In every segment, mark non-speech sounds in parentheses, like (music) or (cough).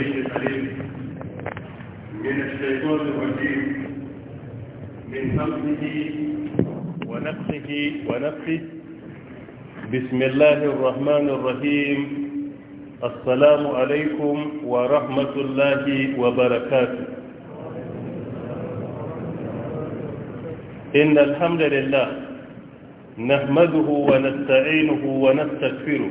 السميع العليم من الشيطان الرجيم من همزه ونفسه ونفسه بسم الله الرحمن الرحيم السلام عليكم ورحمة الله وبركاته إن الحمد لله نحمده ونستعينه ونستغفره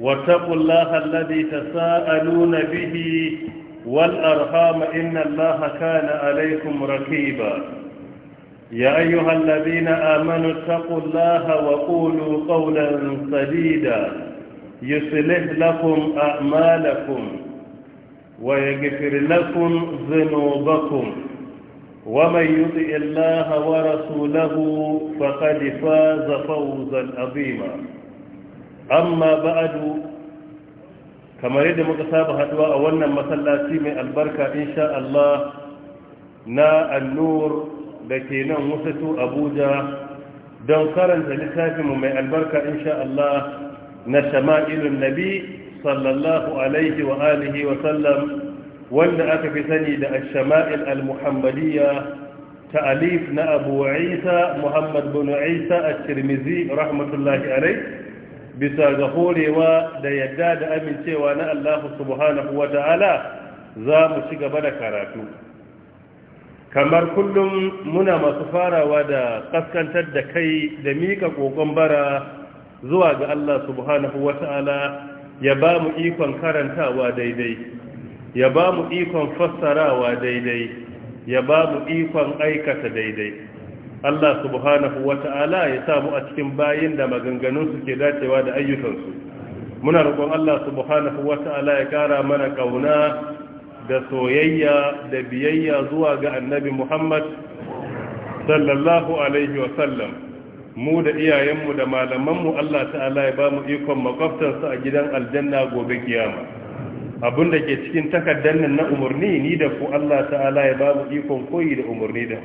واتقوا الله الذي تساءلون به والأرحام إن الله كان عليكم ركيبا يا أيها الذين آمنوا اتقوا الله وقولوا قولا سديدا يصلح لكم أعمالكم ويغفر لكم ذنوبكم ومن يطئ الله ورسوله فقد فاز فوزا عظيما amma ba'adu kamar yadda muka saba haduwa a wannan masallaci mai albarka insha Allah na annur da ke nan wasatu abuja don karanta littafinmu mai albarka insha Allah na shama'ilun nabi sallallahu alaihi wa alihi wa sallam wanda aka fi sani da shama'il al-muhammadiyya ta'alif na abu isa muhammad bin isa a tirmizi rahmatullahi alaihi bisa ga horewa da yadda da amincewa na Allah subhanahu wa ta'ala za mu ci gaba da karatu kamar kullum muna masu farawa da kaskantar da kai da mika kokon bara zuwa ga Allah subhanahu wa ta'ala ya ba mu ikon karantawa daidai ya ba mu ikon fassarawa daidai ya ba mu ikon aikata daidai Allah subhanahu wata'ala ya samu a cikin bayin da maganganunsu ke dacewa da ayyukansu muna roƙon Allah subhanahu wata'ala ya ƙara mana ƙauna da soyayya da biyayya zuwa ga annabi Muhammad sallallahu alaihi wa sallam mu da iyayenmu da malamanmu Allah ta'ala ya bamu ikon makwabtansa a gidan aljanna gobe kiyama abin da ke cikin takardar na umarni ni da ku Allah ta'ala ya bamu ikon koyi da umarni da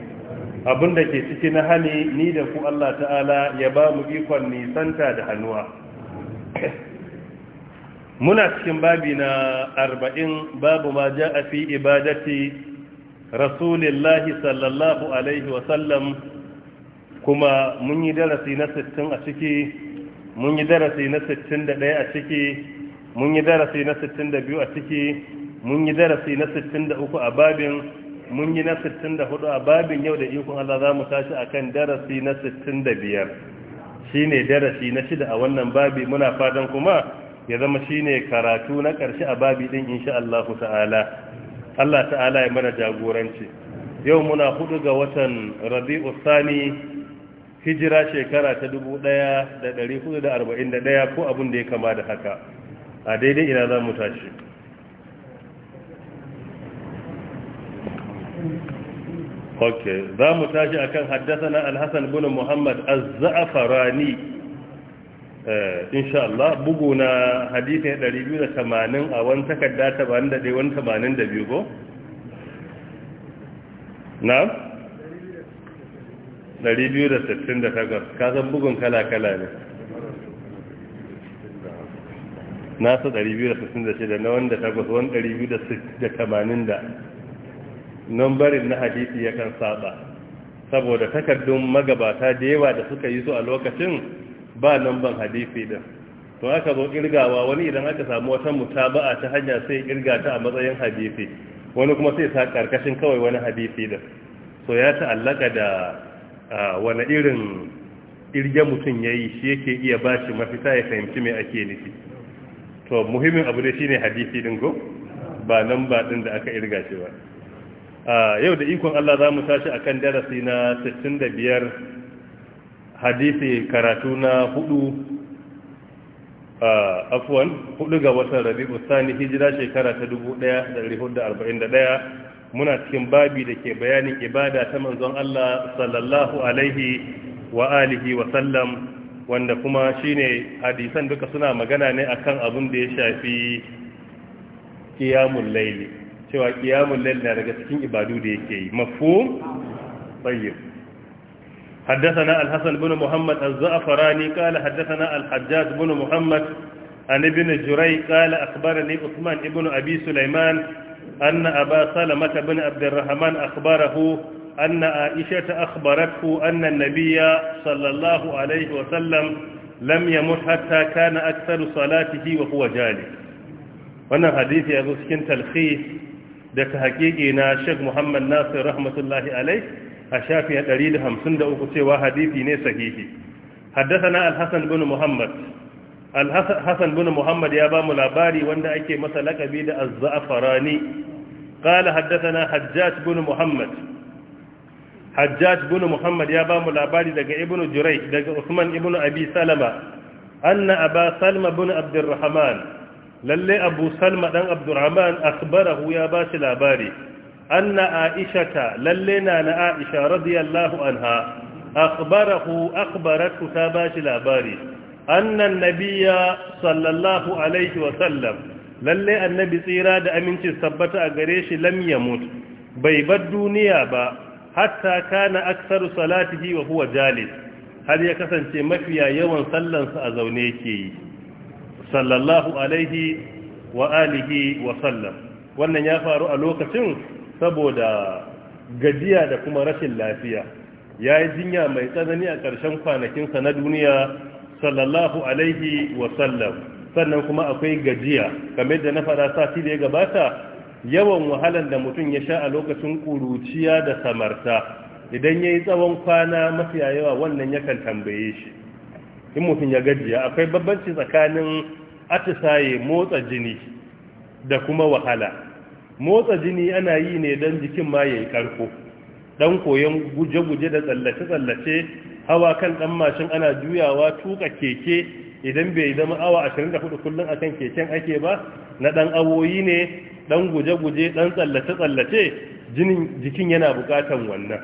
abin da ke ciki na hali ni da ku Allah ta'ala ya ba mu ikon nisanta da hannuwa muna cikin babi na arba'in babu ma ja a fi ibadati rasulillahi sallallahu alaihi wasallam kuma mun yi darasi na sittin a ciki mun yi darasi na sittin da ɗaya a ciki mun yi darasi na sittin da biyu a ciki mun yi darasi na sittin da uku a babin mun yi na 64 a babin yau da ikon Allah za mu tashi a kan darasi na 65 shine darasi na shida a wannan babi muna fatan kuma ya zama shine karatu na ƙarshe a babi ɗin insha Allah ta'ala Allah ta'ala ya mana jagoranci yau muna hudu ga watan Rabi'u Sani hijira shekara ta 1441 ko abin da ya kama da haka a daidai ina za mu tashi ok za mu tashi akan na alhassan bin muhammad az-za'farani eh, insha Allah bugu na hadisi 280 a wani takarda 81 wani biyu ko na 268 san bugun kala-kala ne nasa shida na wanda takwas wani da. nambarin na hadisi ya kan saba saboda takardun magabata da yawa da suka yi su a lokacin ba ban hadisi din to aka zo kirgawa wani idan aka samu wata mutaba'a ta hanya sai kirga ta a matsayin hadisi wani kuma sai sa karkashin kawai wani hadisi din so ya ta'allaka da wani irin irge mutum ya yi shi yake iya ba shi mafita ya fahimci mai ake nufi to muhimmin abu ne shine hadisi din go ba nan ba din da aka irga shi ba yau da ikon Allah za mu tashi a kan darasi na 65 hadisi karatu na hudu afuwan hudu ga watan rabi'u sani hijira shekara ta 1441 muna cikin babi da ke bayanin ibada ta manzon Allah sallallahu alaihi wa alihi wa sallam wanda kuma shine hadisan duka suna magana ne akan abin da ya shafi kiyamun laili cewa kiyamun lalla daga cikin ibadu da yake yi mafhum tayyib haddathana al-hasan ibn muhammad az-za'farani qala haddathana al-hajjaj ibn muhammad an ibn juray qala akhbarani usman ibn abi sulaiman anna aba salama ibn abdurrahman akhbarahu anna aisha akhbarathu anna an-nabiyya sallallahu alayhi wa sallam lam yamut hatta kana aktharu salatihi wa huwa jali wannan ya yazo cikin talkhis Daka haƙiƙi na Sheikh Muhammad Nasir rahmatullahi alai a shafi a 153 cewa hadisi ne sahihi Haddasa al bin Muhammad Alhassan bin Muhammad ya ba mu labari wanda ake masa lakabi da az Ƙala haddasa حدثنا حجاج بن محمد حجاج بن محمد يا بام الاباري دغ ابن جريج دغ عثمان ابن ابي سلمة Anna Aba salma بن عبد lalle abu salma ɗan abdurrahman akhbarahu ya ba shi labari anna aishata lalle na na aisha radiyallahu anha akhbarahu akhbaratu ta ba shi labari annan Nabiya, sallallahu alaihi wa sallam lalle annabi tsira da aminci tabbata a gare shi lam yamut bai bar duniya ba hatta kana aksaru salatihi wa huwa jalis har ya kasance mafiya yawan sallansa a zaune yake yi sallallahu alaihi wa alihi wa sallam wannan ya faru a lokacin saboda gajiya da kuma rashin lafiya ya yi jinya mai tsanani a ƙarshen kwanakinsa na duniya sallallahu alaihi wa sallam sannan kuma akwai gajiya kamar da na fara sati da ya gabata yawan wahalar da mutum ya sha a lokacin ƙuruciya da samarta idan ya yi tsawon kwana mafiya yawa wannan yakan tambaye shi in mutum ya gajiya akwai babbanci tsakanin atisaye motsa jini da kuma wahala motsa jini ana yi ne dan jikin ma ya yi karko dan koyon guje-guje da tsallace-tsallace hawa kan dan mashin ana juyawa tuka keke idan bai zama awa 24 kullum akan keken ake ba na dan awoyi ne dan guje-guje dan tsallace-tsallace jinin jikin yana bukatan wannan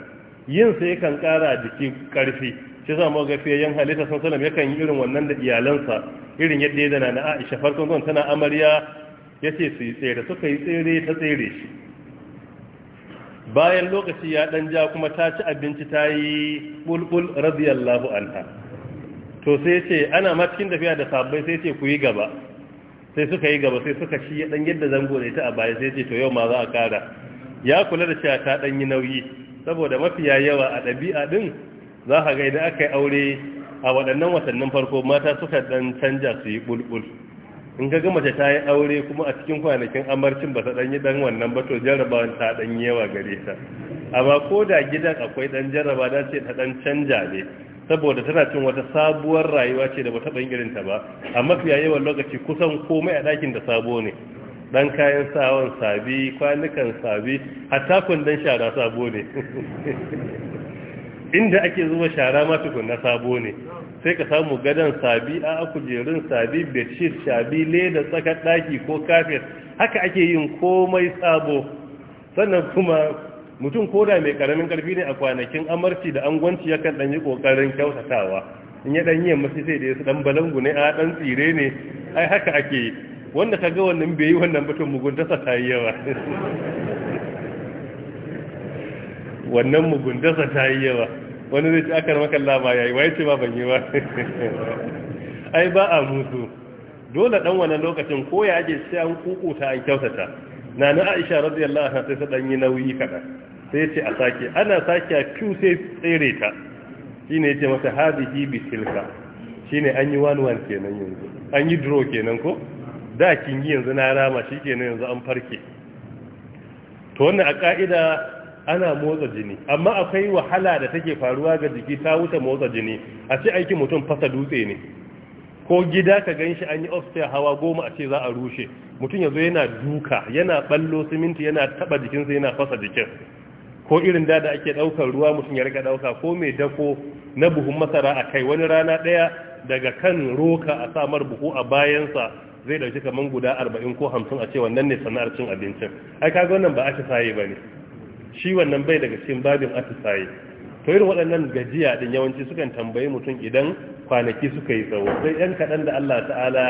yin sai kan kara jiki karfi shi za mu ga fiyayyen halitta sun salam yakan yi irin wannan da iyalansa irin yadda ya na na aisha farkon zuwan tana amarya ya ce su yi tsere suka yi tsere ta tsere shi bayan lokaci ya dan ja kuma ta ci abinci ta yi bulbul radiyallahu anha to sai ce ana ma tafiya da sabbai sai ce ku yi gaba sai suka yi gaba sai suka ci dan yadda zango ne ta a baya sai ce to yau ma za a kara ya kula da cewa ta dan yi nauyi saboda mafiya yawa a ɗabi'a din za ka ga idan aka yi aure a waɗannan watannin farko mata suka ɗan canja su yi ɓulɓul. in ga mace ta yi aure kuma a cikin kwanakin amarcin ba ta ɗan yi ɗan wannan ba to jarrabawan ta ɗan yi yawa gare ta amma ko da gidan akwai ɗan jarraba da ce ta ɗan canja ne saboda tana cin wata sabuwar rayuwa ce da bata ɗan irin ta ba a mafiya yawan lokaci kusan komai a ɗakin da sabo ne ɗan kayan sawan sabi kwanukan sabi hatta kundan shara sabo ne (laughs) inda ake zuba shara ma tukunna sabo ne sai ka samu gadon sabi a kujerun sabi bedsheet sabi, leda tsakar daki ko kafet haka ake yin komai sabo sannan kuma mutum koda mai karamin karfi ne a kwanakin amarci da angwanci yakan kan yi kokarin kyautatawa in ya dan masu mace sai da su dan balangu ne a dan tsire ne ai haka ake wanda kaga wannan bai yi wannan batun mugunta sa ta yi yawa (laughs) wannan mugundasa ta yi yawa wani zai ci akar makalla ma yayi waye ce ba ban yi ba (laughs) ai ba a musu dole dan wannan lokacin ko ya aje sai an kukuta an kyautata Na na Aisha radiyallahu anha sai ta dan yi nauyi kada sai ce a sake ana sake a fiu sai tsere ta shine yace masa hadihi bi tilka shine an yi wani wani kenan yanzu an yi draw kenan ko da kin yi yanzu na rama shikenan yanzu an farke to wannan a ka'ida ana motsa jini amma akwai wahala da take faruwa ga jiki ta wuce motsa jini a ce aikin mutum fasa dutse ne ko gida ka gan shi an yi upstairs hawa goma a ce za a rushe mutum ya yana duka yana ballo siminti yana taba jikinsa yana fasa jikin ko irin da da ake daukar ruwa mutum ya rika dauka ko mai dako na buhun masara a kai wani rana daya daga kan roka a samar buhu a bayansa zai dauki kaman guda 40 ko 50 a ce wannan ne sana'ar cin abincin ai kaga wannan ba aka saye bane shi wannan bai daga cikin babin atisaye to irin waɗannan gajiya din yawanci sukan tambayi mutum idan kwanaki suka yi tsawo sai yan kaɗan da Allah ta'ala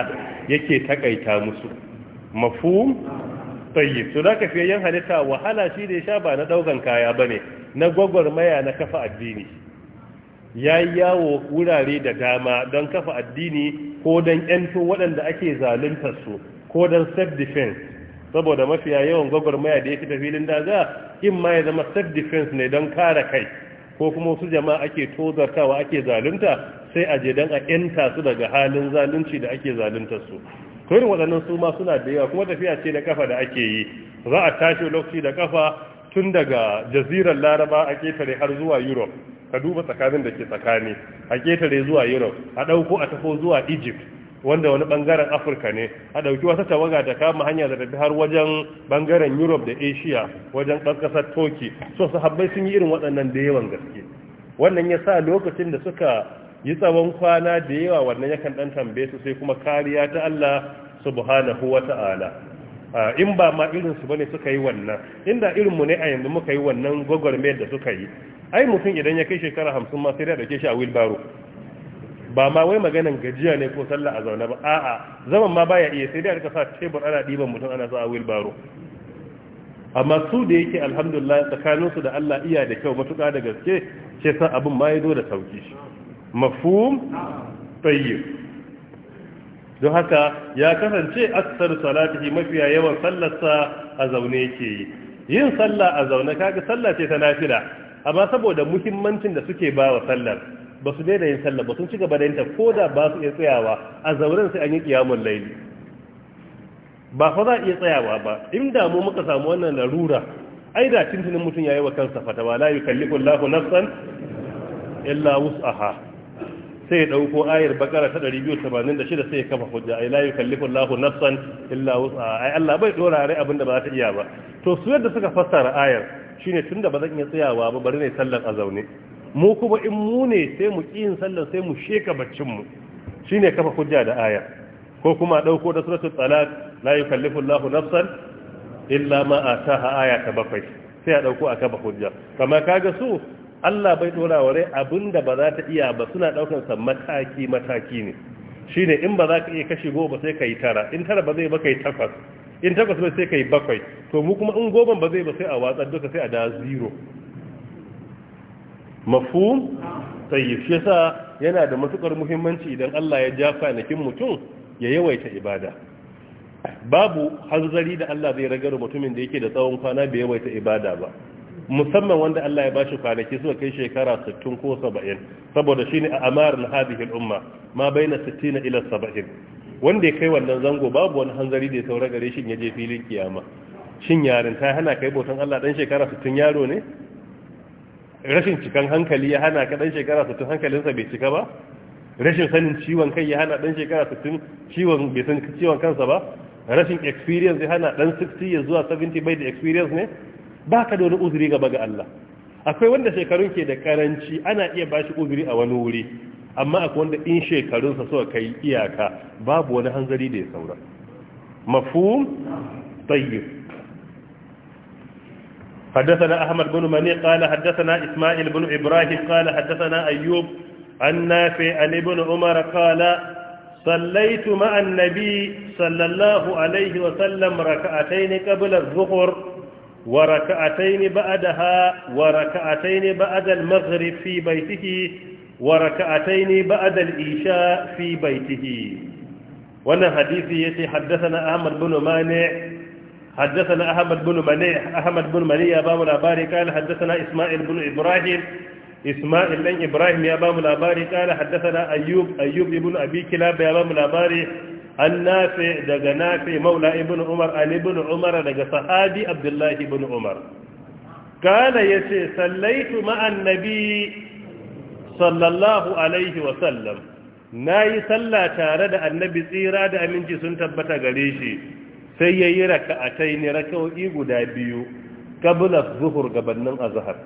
yake takaita musu mafhum tayyib to da kafiye yan halitta wahala shi da ya sha ba na ɗaukan kaya bane na maya na kafa addini ya yawo wurare da dama don kafa addini ko don 'yanto waɗanda ake zaluntar su ko don self-defense saboda mafiya yawan gwagwarmaya da ya fita filin daga in ma ya zama self defense ne don kare kai ko kuma wasu jama'a ake tozartawa ake zalunta sai a je dan a yanta su daga halin zalunci da ake zaluntar su to irin waɗannan su ma suna da yawa kuma tafiya ce da kafa da ake yi za a tashi lokaci da kafa tun daga jazirar laraba a ketare har zuwa europe ka duba tsakanin da ke tsakani a ketare zuwa europe a ɗauko a tafo zuwa egypt wanda wani bangaren afirka ne a ɗauki wata tawaga da kama hanya da tafi har wajen bangaren europe da asia wajen kasar turkey so habbai sun yi irin waɗannan da yawan gaske wannan ya sa lokacin da suka yi tsawon kwana da yawa wannan yakan ɗan tambaye su sai kuma kariya ta allah subhanahu wa ta'ala in ba ma irinsu ba ne suka yi wannan inda irinmu ne a yanzu muka yi wannan gwagwarmayar da suka yi ai mutum idan ya kai shekara hamsin ma sai da ɗauke shi a wilbaro. ba ma wai maganan gajiya ne ko sallah a zaune ba a'a zaman ma baya iya sai dai a sa tebur ana diban mutum ana sa a baro amma su da yake alhamdulillah tsakanin su da Allah iya da kyau matuƙa da gaske ce san abin ma ya zo da sauki mafhum tayyib don haka ya kasance aksar salatihi mafi yawan sallarsa a zaune yake yi yin sallah a zaune kaga sallah ce ta nafila amma saboda muhimmancin da suke ba wa sallar ba su daina yin sallah ba sun ci gaba da ta ko da ba su iya tsayawa a zauren sai an yi kiyamun laili ba fa za a iya tsayawa ba in da mu muka samu wannan larura ai da tuntunin mutum yayi wa kansa fata ba la yukallifu Lahu nafsan illa wus'aha sai ya dauko ayar bakara ta 286 sai ya kafa hujja ai la yukallifu Lahu nafsan illa wus'aha ai Allah bai dora rai abinda ba za ta iya ba to su yadda suka fassara ayar shine tunda ba zan iya tsayawa ba bari ne sallar a zaune mu kuma in mu ne sai mu yin sallar sai mu sheka baccin mu shine kafa hujja da aya ko kuma dauko da suratul talaq la yukallifu Allahu nafsan illa ma ataha aya ta bakwai sai a dauko a kafa hujja kama kaga su Allah bai dora wa rai abinda ba za ta iya ba suna daukan sa mataki mataki ne shine in ba za ka iya kashi goma sai ka yi tara in tara ba zai ba ka yi takwas in takwas ba sai ka yi bakwai to mu kuma in goma ba zai ba sai a watsar duka sai a da zero mafhum tayyib shi yasa yana da matukar muhimmanci idan Allah ya ja kwanakin mutum ya yawaita ibada babu hanzari da Allah zai ragar mutumin da yake da tsawon kwana bai yawaita ibada ba musamman wanda Allah ya bashi kwanaki suka kai shekara 60 ko 70 saboda shine a amarin hadhihi al-umma ma baina 60 ila 70 wanda ya kai wannan zango babu wani hanzari da ya saura gare shi ya je filin kiyama shin yarin ta hana kai botan Allah dan shekara 60 yaro ne rashin cikan hankali ya hana ka ɗan shekara 60 hankalinsa bai cika ba rashin sanin ciwon kai ya hana ɗan shekara 60 ciwon bai san ciwon kansa ba rashin experience ya hana ɗan 60 ya zuwa 70 bai da experience ne ba ka da wani uzuri gaba ga Allah akwai wanda shekarun ke da karanci ana iya ba shi uzuri a wani wuri amma akwai wanda in shekarunsa suka kai iyaka babu wani hanzari da ya saura mafhum tayyib حدثنا أحمد بن مني قال حدثنا إسماعيل بن إبراهيم قال حدثنا أيوب عن نافع عن ابن عمر قال صليت مع النبي صلى الله عليه وسلم ركعتين قبل الظهر وركعتين بعدها وركعتين بعد المغرب في بيته وركعتين بعد الإيشاء في بيته وانا حديثي يتي حدثنا أحمد بن مانع حدثنا أحمد بن منيع أحمد بن منيع أبام الأباري قال حدثنا إسماعيل بن إبراهيم إسماعيل بن إبراهيم يا أبام الأباري قال حدثنا أيوب أيوب بن أبي كلاب يا أبام الأباري النافع دق نافع مولى ابن عمر عن ابن عمر دق صحابي عبد الله بن عمر قال يسي صليت مع النبي صلى الله عليه وسلم ناي صلى تارد النبي سيراد أمنجي سنتبت قريشي sai ya yi yi ne raka'o'i guda biyu kabla zuhur gabanin zahar.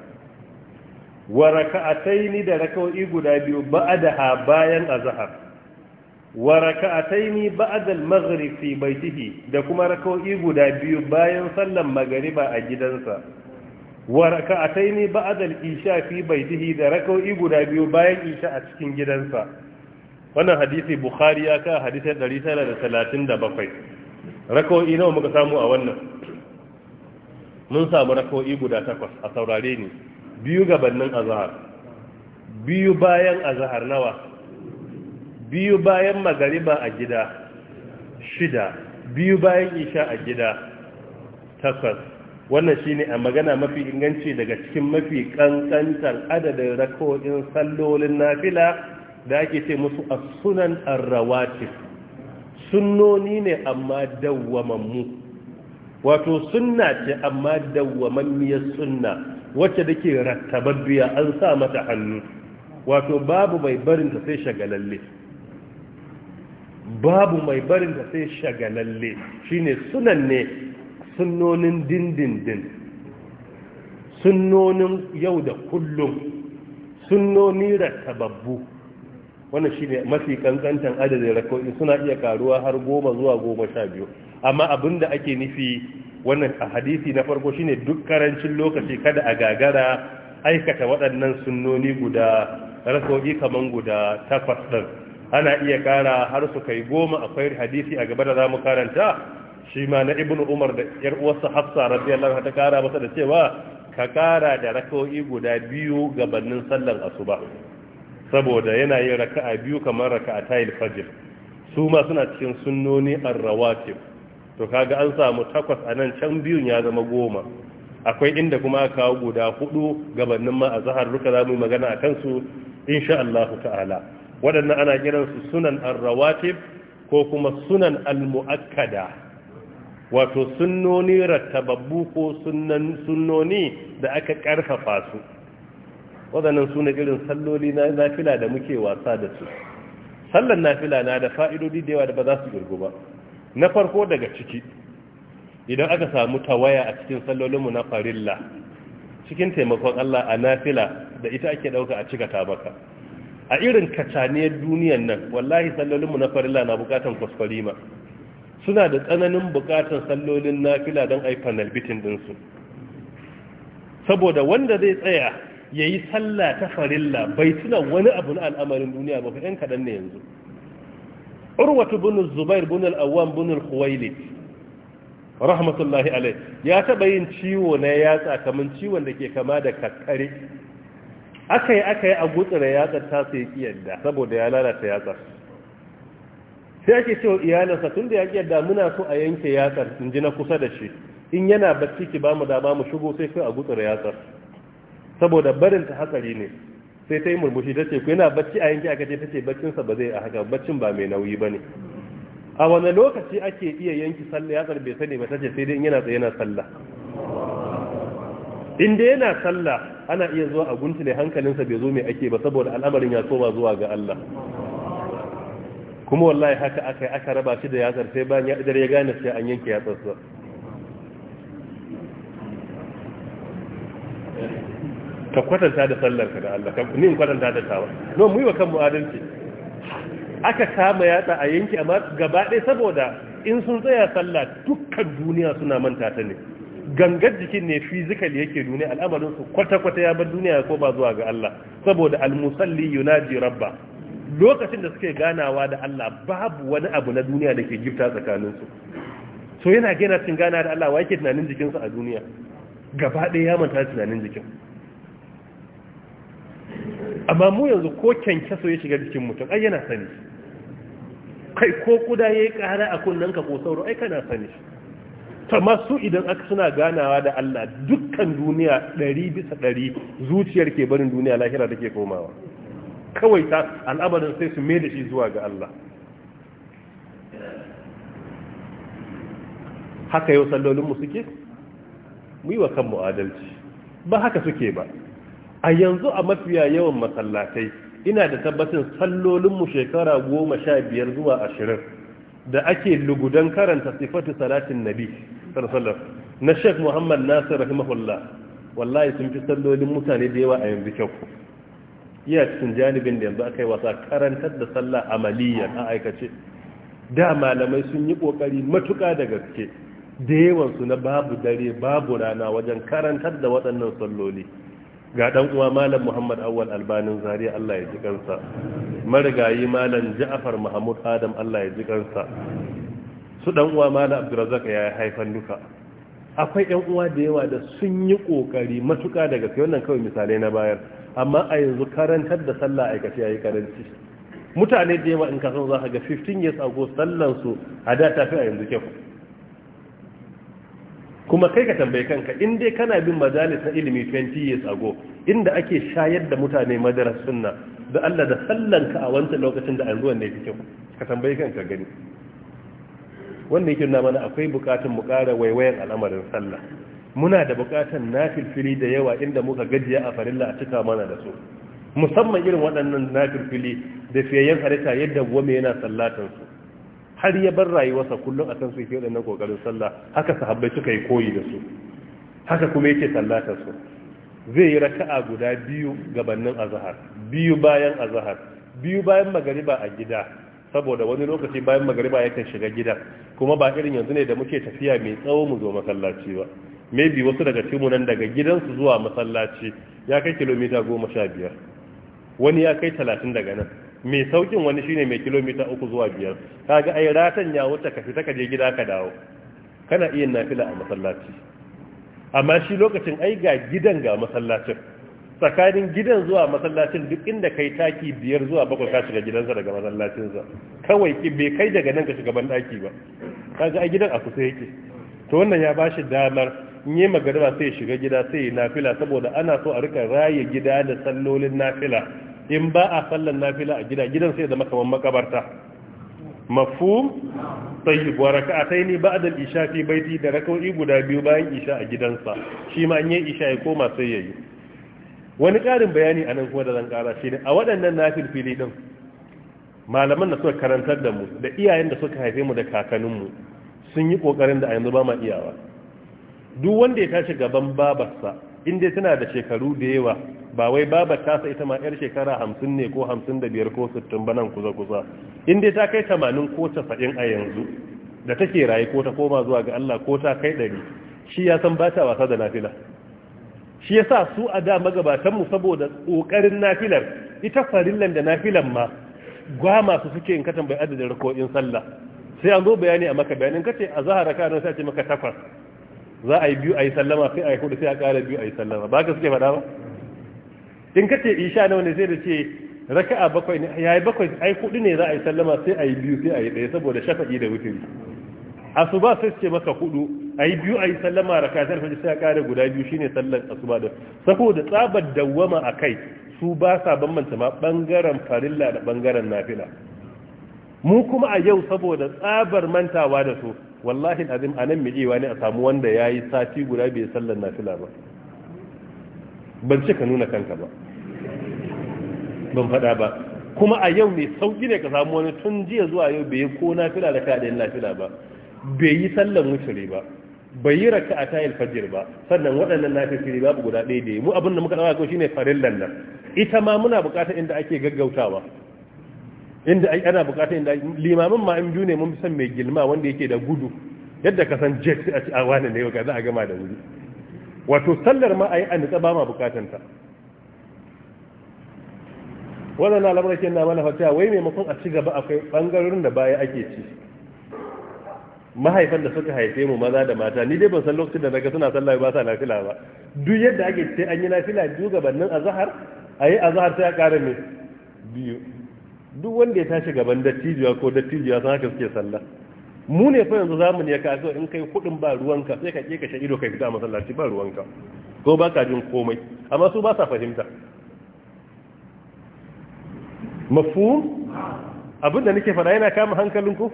wa a yi ne da raka'o'i guda biyu da ha bayan zahar. wa a raka'atai ne ba'ad al-maghrib fi tihi da kuma raka'o'i guda biyu bayan sallan magariba a gidansa wa raka'atai ne ba'ad al-isha fi baitihi da raka'o'i guda biyu bayan isha a cikin gidansa wannan hadisi bukhari ya ka hadisi 937 raka'o'i nawa muka samu a wannan mun samu raka'o'i guda takwas a saurare ne. biyu gabanin azahar biyu bayan azahar nawa biyu bayan magariba a gida shida biyu bayan isha a gida takwas wannan ne a magana mafi inganci daga cikin mafi kankantar adadin raka'o'in sallolin nafila da ake ce musu a sunan arrawatif sunnoni ne amma mu. wato sunna ce amma dawwamammiyar sunna wacce da ke rattababbiya an sa mata hannu wato babu mai barin da sai shagalalle babu mai barin da sai shagalalle shine sunan ne sunnonin dindindin sunnonin yau da kullum sunnoni rattababbu wannan shine mafi kankantan adadin rak'o'i suna iya karuwa har goma zuwa goma sha biyu amma abin da ake nufi wannan a hadisi na farko shine duk karancin lokaci kada a gagara aikata waɗannan sunnoni guda rak'o'i kaman guda takwas ɗin. ana iya kara har su kai goma akwai hadisi a gaba da zamu karanta shi ma na ibnu umar da yar uwarsa hafsa radiyallahu ta kara masa da cewa ka kara da rak'o'i guda biyu gabanin sallan asuba saboda yana yin raka'a biyu kamar raka'a tayil fajr su ma suna cikin sunnoni ar-rawatib to kaga an samu takwas a nan can biyun ya zama goma akwai inda kuma aka kawo guda hudu gabanin ma a zahar duka za mu yi magana a kansu insha Allah ta'ala waɗannan ana kiransu sunan ar-rawatib ko kuma sunan al-mu'akkada wato sunnoni rattababbu ko sunnoni da aka karfafa su waɗannan su ne irin salloli na nafila da muke wasa da su sallan nafila na da fa'idodi da yawa da ba za su girgu ba na farko daga ciki idan aka samu tawaya a cikin sallolinmu na farilla cikin taimakon Allah a nafila da ita ake ɗauka a cika ta baka a irin kacaniyar duniyan nan wallahi sallolinmu na farilla na bukatan ma. suna da tsananin bukatan sallolin nafila don a yi panel bitin ɗinsu saboda wanda zai tsaya ya yi sallah ta farilla bai tuna wani abu na al'amarin duniya ba ɗan kaɗan ne yanzu urwatu bin zubair bin al'awwam bin al rahmatullahi alai ya taɓa yin ciwo na yatsa kamar ciwon da ke kama da kakkare aka yi aka yi a gutsura yatsar ta sai kiyarda saboda ya lalata yatsar sai ake cewa iyalinsa tun da ya kiyarda muna so a yanke yatsar in ji na kusa da shi in yana bacci ki ba mu dama mu shigo sai kai a gutsura yatsar saboda barin ta hatsari ne sai ta yi murmushi ta ce ku yana bacci a yanki aka je ta ce baccinsa ba zai a haka baccin ba mai nauyi ba ne a wani lokaci ake iya yanki salla ya karbe sani ba ta ce sai dai yana tsaye yana salla in yana sallah ana iya zuwa a ne hankalinsa bai zo mai ake ba saboda al'amarin ya soma zuwa ga Allah kuma wallahi haka aka aka raba shi da yatsar sai bayan ya ya gane sai an yanke yatsarsa ka kwatanta da sallar ka da Allah ka ni kwatanta da tawa don mu yi wa kanmu adalci aka kama yatsa a yanki amma gaba ɗaya saboda in sun tsaya sallah dukkan duniya suna manta ta ne gangar jikin ne fizikal yake duniya al'amarin su kwata-kwata ya bar duniya ko ba zuwa ga Allah saboda al-musalli yunaji rabba lokacin da suke ganawa da Allah babu wani abu na duniya da ke gifta tsakanin su so yana gina cin gana da Allah wa yake tunanin jikinsu a duniya gaba ɗaya ya manta tunanin jikin amma mu yanzu ko kyankyaso ya shiga cikin mutum ai yana sani kai ko kuda ya yi ƙara a kunnen ka ko sauro ai kana sani amma su idan aka suna ganawa da Allah dukkan duniya ɗari bisa ɗari zuciyar ke barin duniya lahira take komawa kawai ta al'amarin sai su mai da shi zuwa ga Allah haka yau sallolinmu suke? mu yi wa kanmu adalci ba haka suke ba a yanzu a mafiya yawan masallatai ina da tabbacin sallolinmu shekara goma sha biyar zuwa ashirin da ake lugudan karanta sifatu salatin nabi sarsalar na sheikh muhammad nasir rahimahullah wallahi sun fi sallolin mutane da yawa a yanzu kyau iya cikin janibin da yanzu aka yi wasa karantar da sallah amaliyar a aikace da malamai sun yi kokari matuka da gaske da yawansu na babu dare babu rana wajen karantar da waɗannan salloli ga dan uwa malam Muhammad Awwal Albanin Zaria Allah ya ji kansa marigayi malam ja'afar Mahmud Adam Allah ya ji kansa su dan uwa malam Abdurrazzaq ya haifan duka akwai yan uwa da yawa da sun yi kokari matuka daga sai wannan kawai misalai na bayar amma a yanzu karantar da sallah aikace yayi karanci mutane da yawa in ka san za ka ga 15 years ago sallan su a da tafi a yanzu kyau kuma kai ka tambaye kanka in dai kana bin majalis na ilimi 20 years ago inda ake shayar da mutane madaras sunna da Allah da sallanka a wancan lokacin da an zuwan ne kyau ka tambaye kanka gani wannan yake nuna mana akwai bukatun mu ƙara waiwayan al'amarin sallah muna da bukatun nafilfili da yawa inda muka gajiya a farilla a cika mana da su musamman irin waɗannan nafilfili da fiyayyen harita yadda wame yana sallatansu har ya bar rayuwarsa kullum akan su yake waɗannan kokarin sallah haka sahabbai suka yi koyi da su haka kuma yake sallatar su zai yi raka'a guda biyu gabanin azahar, biyu bayan azahar, biyu bayan magariba a gida saboda wani lokaci bayan magariba ya kan shiga gida kuma ba irin yanzu ne da muke tafiya mai tsawo mu zo masallaci ba maybe wasu daga cimu nan daga gidansu zuwa masallaci ya kai kilomita goma sha biyar wani ya kai talatin daga nan mai saukin wani shine mai kilomita uku zuwa biyar kaga ai ratan ya wuce ka fita ka je gida ka dawo kana iya nafila a masallaci amma shi lokacin ai ga gidan ga masallacin tsakanin gidan zuwa masallacin duk inda kai taki biyar zuwa bakwai ka shiga gidansa daga masallacinsa kawai ki bai kai daga nan ka shiga ban daki ba kaga ai gidan a kusa yake to wannan ya bashi damar in yi magariba sai shiga gida sai nafila saboda ana so a rika raye gida da sallolin nafila in ba a sallan nafila a gida gidan sai zama kamar makabarta mafhum tayyib wa raka'ataini ba'da al-isha fi baiti da raka'o'i guda biyu bayan isha a gidansa shi ma an yi isha ya koma sai yayi wani ƙarin bayani anan kuma da zan kara shi ne a waɗannan nafil fili din malaman da suka karantar da mu da iyayen da suka haife mu da mu sun yi kokarin da a yanzu ba ma iyawa duk wanda ya tashi gaban babarsa inda tana da shekaru da yawa ba wai babar tasa ita ma 'yar shekara hamsin ne ko hamsin da biyar ko sittin ba nan kusa-kusa in dai ta kai tamanin ko casa'in a yanzu da take raye ko ta koma zuwa ga Allah ko ta kai ɗari shi ya san ba ta wasa da nafila shi ya sa su a da magabatanmu saboda ƙoƙarin nafilar ita farillan da nafilan ma gwa masu suke in ka tambayi adadin rako'in sallah sai an zo bayani a maka bayanin ka ce a zahara ka nan sai a ce maka takwas za a yi biyu a yi sallama sai a yi hudu sai a ƙara biyu a yi sallama ba ka suke faɗa ba in ka ce isha nawa ne sai da ce a bakwai ne yi bakwai ai kudi ne za a yi sallama sai a yi biyu sai a yi ɗaya saboda shafa'i da wuturi asuba sai ce maka kudu a yi biyu a yi sallama raka sai alfajir sai a kare guda biyu shine sallan asuba da saboda tsabar dawwama a kai su ba sa bambanta ma bangaren farilla da bangaren nafila mu kuma a yau saboda tsabar mantawa da su wallahi azim a nan mijewa ne a samu wanda ya yi sati guda bai sallan nafila ba ban ce ka nuna kanka ba ban faɗa ba kuma a yau ne sauki ne ka samu wani tun jiya zuwa yau bai yi ko nafila da kaɗa yin nafila ba bai yi sallan wuturi ba bai yi raka a tayil fajir ba sannan waɗannan nafilfili babu guda ɗaya da mu abin da muka ɗaga ko shine farillan nan ita ma muna buƙatar inda ake gaggautawa inda ana buƙatar inda limamin ma in biyu mun san mai gilma wanda yake da gudu yadda ka san jet a wani ne ka za a gama da wuri wato sallar ma a yi a ba ma buƙatar wannan al'amuran ke na mana fata wai maimakon a ci gaba akwai bangarorin da baya ake ci mahaifan da suka haife mu maza da mata ni dai ban san lokacin da naga suna sallah ba sa nafila ba duk yadda ake ce an yi nafila biyu gabanin azhar ayi azhar sai a ƙara me biyu duk wanda ya tashi gaban dattijuwa ko dattijuwa sun haka suke sallah mu ne fa yanzu zamu ne ka so in kai kuɗin ba ruwanka sai ka ke ka sha ido kai fita masallaci ba ruwanka ko ba ka jin komai amma su ba sa fahimta mafum abinda nake fada yana kama hankalinku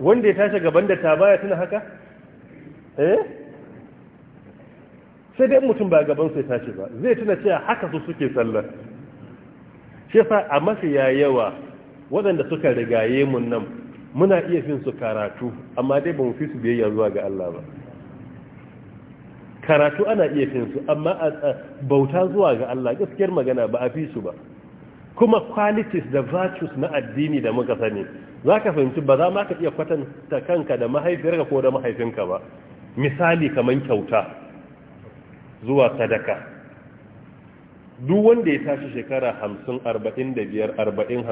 wanda ya tashi gaban da ta baya tuna haka eh sai dai mutum ba gaban sai tashi ba zai tuna cewa haka su suke sallar shi fa a mafiya yawa waɗanda suka rigaye mun nan muna iya fin su karatu amma dai ba mu fi su biyayya zuwa ga Allah ba karatu ana iya fin su amma bauta zuwa ga Allah gaskiyar magana ba a fi su ba kuma qualities da virtues na addini da muka sani za ka fahimci ba za ma ka iya kwatanta kanka da mahaifiyarka ko da mahaifinka ba misali kamar kyauta zuwa sadaka duk wanda ya tashi shekara hamsin arba'in da biyar arba'in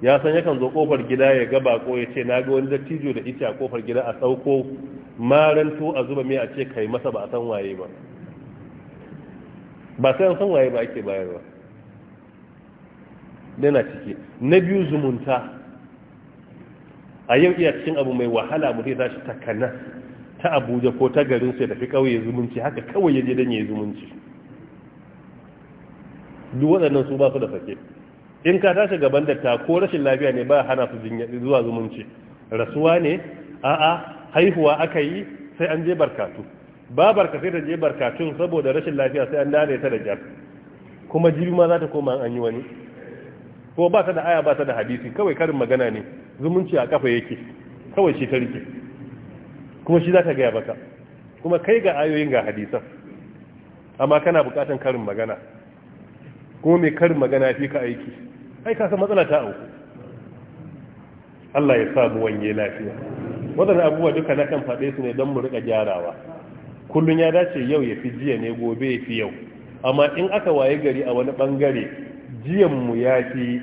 ya san yakan zo kofar gida ya ga ko ya ce na ga wani dattijo da ita a kofar gida a sauko maranto a zuba mai a ce kai masa ba a san waye ba ba sai an san waye ba ake bayarwa yana ciki na biyu zumunta a yau iya cikin abu mai wahala mutum za shi takana ta abuja ko ta garin sai tafi kauye zumunci haka kawai ya je don ya yi zumunci duk waɗannan su ba su da sake in ka tashi gaban datta ko rashin lafiya ne ba hana su zuwa zumunci rasuwa ne a'a haihuwa aka yi sai an je barkatu ba sai ta je barkatun saboda rashin lafiya sai an dare ta da jar kuma jibi ma za ta koma an yi wani ko ba ta da aya ba ta da hadisi kawai karin magana ne zumunci a kafa yake kawai shi ta rike kuma shi za ta gaya baka kuma kai ga ayoyin ga hadisan amma kana bukatan karin magana kuma mai karin magana fi ka aiki ai ka san matsala ta auku Allah ya sa mu wanye lafiya wadannan abubuwa duka na kan faɗe su ne don mu rika gyarawa kullun ya dace yau ya fi jiya ne gobe ya fi yau amma in aka waye gari a wani bangare jiyan mu ya fi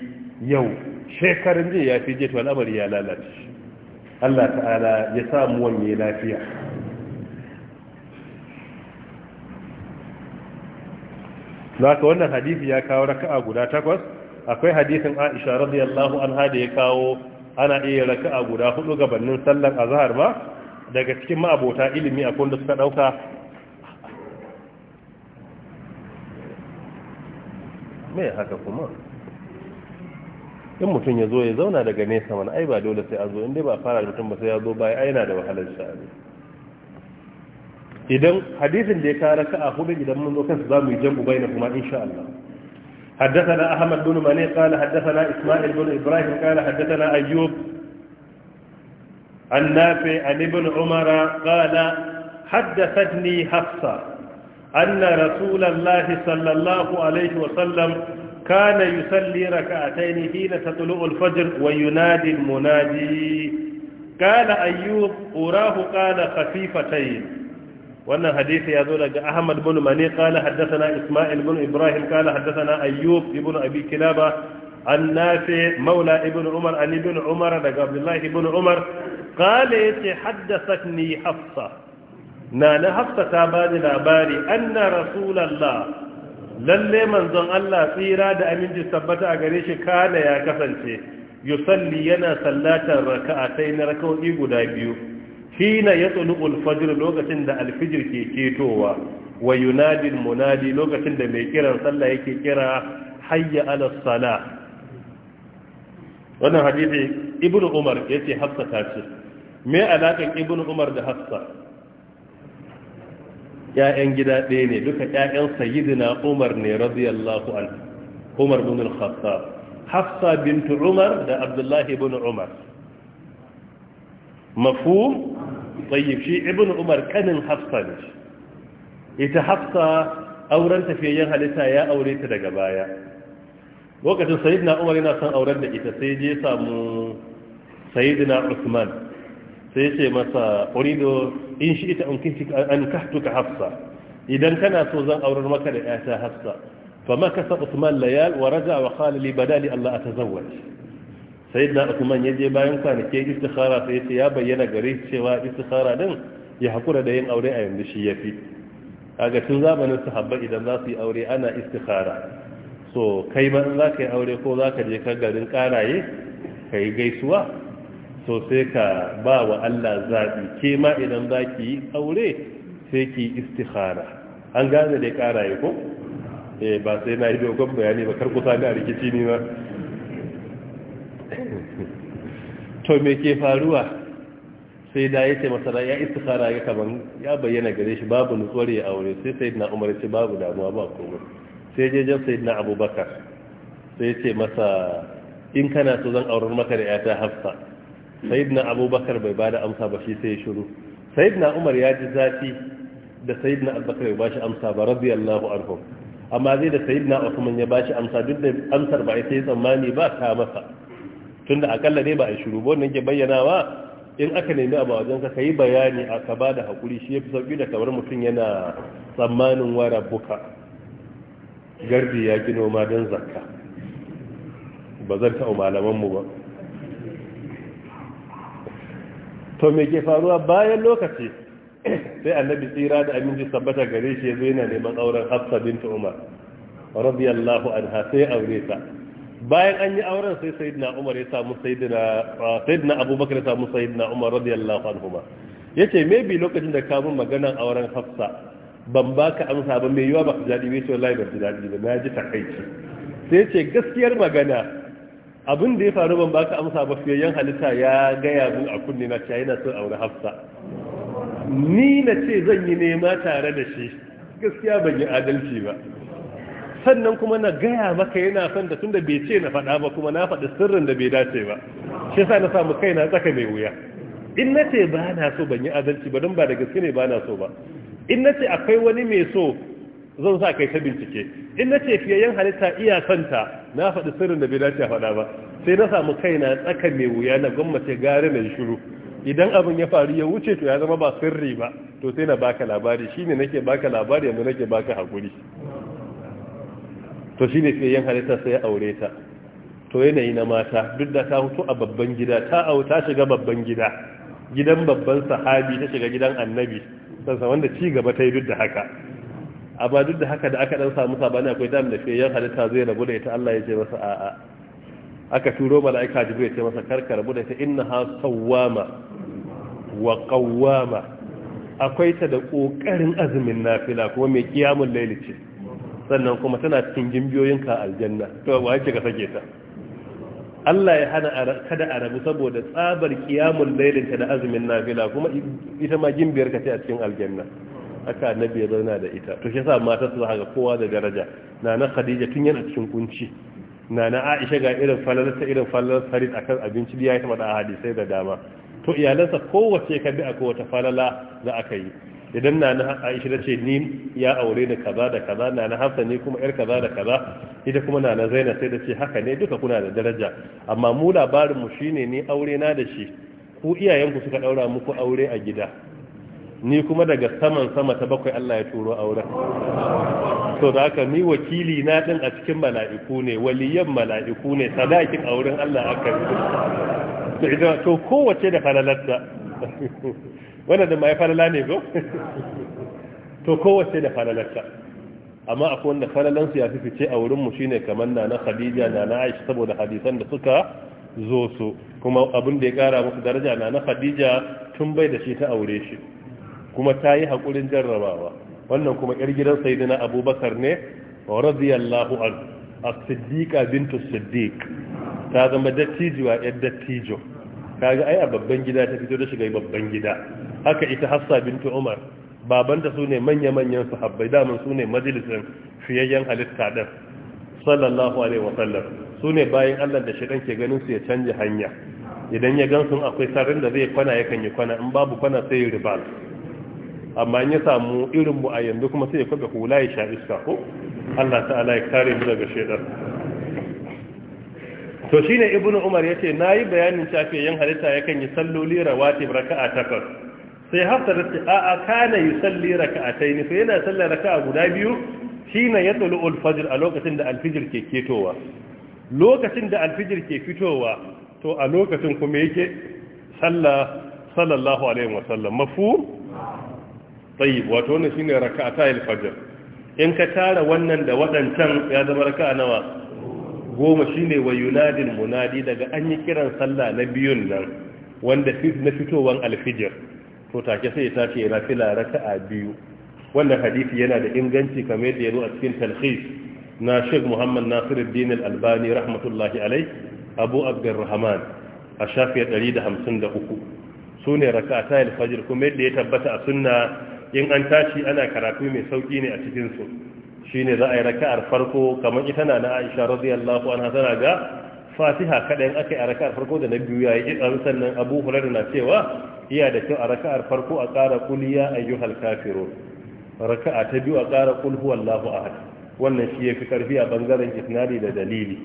yau shekarun jiya ya fi jiya to al'amari ya lalace Allah ta'ala ya samu wani lafiya zaka wannan hadisi ya kawo raka'a guda takwas akwai hadisin Aisha radiyallahu anha da ya kawo ana iya raka'a guda hudu gabanin sallar azhar ba daga cikin ma'abota ilimi akwai wanda suka dauka me haka kuma in mutum ya zo ya zauna daga nesa mana ai ba dole sai a zo inda ba fara mutum ba sai ya zo baya ai yana da wahalar sha'ani idan hadisin da ya kara ka a hudu idan mun zo kansu za mu yi jambu bai na kuma insha Allah حدثنا أحمد بن مني قال حدثنا إسماعيل بن إبراهيم قال حدثنا أيوب عن نافع عن ابن عمر قال حدثتني حفصة anna rasulallahi sallallahu alaihi wasallam kana yusalli raka'atayn hina ta al-fajr wa yunadi al-munadi kana ayyub urahu kana khafifatayn wannan hadisi ya zo daga Ahmad bin Mani kana haddathana Isma'il bin Ibrahim kana haddathana Ayyub ibn Abi Kilaba an Nafi Maula ibn Umar an ibn Umar daga Abdullah ibn Umar قال يتحدثتني حفصه na na hafsa ta ba ni labari anna rasulallah lalle manzon Allah tsira da aminci tabbata a gare shi kana ya kasance yusalli yana sallatar raka'atai na raka'o'i guda biyu hina ya tsulu'ul fajr lokacin da alfijir ke ketowa wa yunadi munadi lokacin da mai kiran sallah yake kira hayya ala sala wannan hadisi ibnu umar yace hafsa ta ce me alakan ibnu umar da hafsa Ya'yan gida ɗaya ne duka ƴaƴan sayyidina Umar ne radiyallahu anhu Umar bin al-Khattab Hafsa bint Umar da Abdullahi ibn Umar mafhum tayyib shi ibn Umar kanin Hafsa ne ita Hafsa auren tafiyayyen halitta ya aure ta daga baya lokacin sayyidina Umar yana son auren da ita sai je samu sayyidina Usman. sai ce masa orido in shi ita an kahtuka hafsa idan kana so zan aurar maka da yata hafsa fa fama kasa usman layal wa raja wa qala li badali allah atazawwaj sayyidna usman ya je bayan kwanaki istikhara sai ce ya bayyana gare cewa istikhara din ya hakura da yin aure a yanzu shi yafi kaga tun zamanin sahabba idan za su yi aure ana istikhara so kai ba za ka yi aure ko za ka je ka garin karaye ka gaisuwa to sai ka ba wa Allah zaɓi ke ma idan za ki yi aure sai ki istikhara an gane da ƙara yi ko eh ba sai na yi dogon bayani ba kar kusa da rikici ne ba to me ke faruwa sai da yace masa ya istikhara ya kaman ya bayyana gare shi babu nutsuwar ya aure sai sayyidina Umar ce babu damuwa ba komai sai je jab sayyidina Abubakar sai ce masa in kana so zan aurar maka da 'yata Hafsa sayyidina abubakar bai bada amsa ba shi sai ya shiru sayyidina umar ya ji zafi da sayyidina abubakar ya bashi amsa ba radiyallahu anhu amma zai da sayyidina usman ya bashi amsa duk da amsar ba sai tsammani ba ta masa tunda akalla dai ba a shiru ba wannan ke bayyanawa in aka nemi abu a wajen ka yi bayani a ka ba da hakuri shi ya fi da kamar mutum yana tsammanin wara buka garbi ya gino ma don zakka ba zan taɓa malamanmu ba to me ke faruwa bayan lokaci sai annabi tsira da aminci sabbata gare shi yazo yana neman auren hafsa binta umar radiyallahu anha sai aure ta bayan an yi auren sai sayyidina umar ya samu sayyidina sayyidina abubakar ya samu sayyidina umar radiyallahu anhuma yace bi lokacin da ka mun maganar auren hafsa ban baka amsa ba me yiwa ba. jadi bai ce wallahi da ji ba na ji takaici sai ce gaskiyar magana abin da ya faru ban baka amsa ba yan halitta ya gaya min a kunne na cewa yana son aure hafsa ni na ce zan yi nema tare da shi gaskiya ban yi adalci ba sannan kuma na gaya maka yana son da tunda bai ce na faɗa ba kuma na faɗi sirrin da bai dace ba shi yasa na samu kaina tsaka mai wuya in na ce ba na so ban yi adalci ba don ba da gaske ne ba na so ba in na ce akwai wani mai so zan sa kai ta bincike in na ce halitta iya santa na faɗi sirrin da bai dace a faɗa ba sai na samu kaina tsaka mai wuya na gwammace gare na shiru idan abin ya faru ya wuce to ya zama ba sirri ba to sai na baka labari shine nake baka labari yanzu nake baka hakuri to shine fiyayyen halitta sai ya aure ta to yanayi na mata duk da ta hutu a babban gida ta ta shiga babban gida gidan babban sahabi ta shiga gidan annabi sansa wanda ci gaba ta yi duk da haka amma duk da haka da aka dan samu sabani akwai dam da fiye halitta zai rabu da ita Allah ya ce masa a aka turo mala'ika jibu ya ce masa karka rabu da ita ha sawwama wa qawwama akwai ta da kokarin azumin nafila kuma mai kiyamul laili ce sannan kuma tana cikin gimbiyoyin ka aljanna to ba yake ka sake ta Allah ya hana kada a rabu saboda tsabar kiyamul lailin da azumin nafila kuma ita ma gimbiyar ka ce a cikin aljanna aka annabi ya zauna da ita to shi yasa mata su haka kowa da daraja nana khadija tun yana cikin kunci nana aisha ga irin falalar ta irin falalar farid akan abinci da ya ta mada hadisai da dama to iyalansa kowace ka bi akwai wata falala da aka yi idan nana aisha ta ce ni ya aure da kaza da kaza nana hafsa ne kuma yar kaza da kaza ita kuma nana zaina sai da ce haka ne duka kuna da daraja amma mu labarin mu shine ni aure na da shi ku iyayenku suka daura muku aure a gida ni kuma daga saman sama ta bakwai Allah ya turo a wurin so da aka ni wakili na din a cikin mala'iku ne waliyan mala'iku ne sadakin a wurin Allah aka yi to to kowace da falalarta (laughs) wannan da mai falala ne go (laughs) to kowace da falalarta amma akwai wanda falalansu ya fi fice a wurin mu shine kamar na na Khadija na na Aisha saboda hadisan da suka zo su kuma abin da ya kara musu daraja na na Khadija tun bai da shi ta aure shi kuma ta yi haƙurin jarrabawa wannan kuma ƴar gidan saidina abubakar ne radiyallahu an A bintu Siddik. ta zama dattijuwa ƴar dattijo kaga ai a babban gida ta fito da shiga babban gida haka ita hafsa bintu umar babanta su ne manya-manyan sahabbai daman su ne majalisin fiyayyen halitta ɗin sallallahu alaihi wasallam su ne bayan allah da shi ke ganin su ya canja hanya idan ya gan sun akwai sarin da zai kwana yakan yi kwana in babu kwana sai ya ribal amma in ya samu irin mu a yanzu kuma sai ya kwabe hula ya sha iska ko Allah ta'ala ya kare mu daga shedar to shine ibnu umar yace nayi bayanin cewa yan halitta yakan yi salloli rawatib raka'a takwas sai hafsa ta a a'a kana yusalli raka'atayn fa yana sallar raka'a guda biyu shine yadlu al-fajr a lokacin da al-fajr ke ketowa lokacin da al-fajr ke fitowa to a lokacin kuma yake sallah sallallahu alaihi wasallam mafhum tsayib wato wannan shine raka'ata al-fajr in ka tara wannan da waɗancan ya zama raka'a nawa goma shine wa yunadil munadi daga an yi kiran sallah na biyun nan wanda na fitowan al-fajr to take sai ta ce nafila raka'a biyu wannan hadisi yana da inganci kamar yadda ya zo a cikin talhis na Sheikh Muhammad Nasiruddin Al-Albani rahmatullahi alai Abu Abdurrahman a shafiyar 153 sune a al-fajr kuma yadda ya tabbata a sunna in an tashi ana karatu mai sauki ne a cikin su shine za a yi raka'ar farko kamar ita na na Aisha radiyallahu anha tana ga Fatiha kadan aka yi a raka'ar farko da na biyu yi idan sannan Abu Hurairah na cewa iya da kyau a raka'ar farko a ƙara kuliya ayyuhal kafirun raka'a ta biyu a ƙara kul huwallahu ahad wannan shi yafi karfi a bangaren isnadi da dalili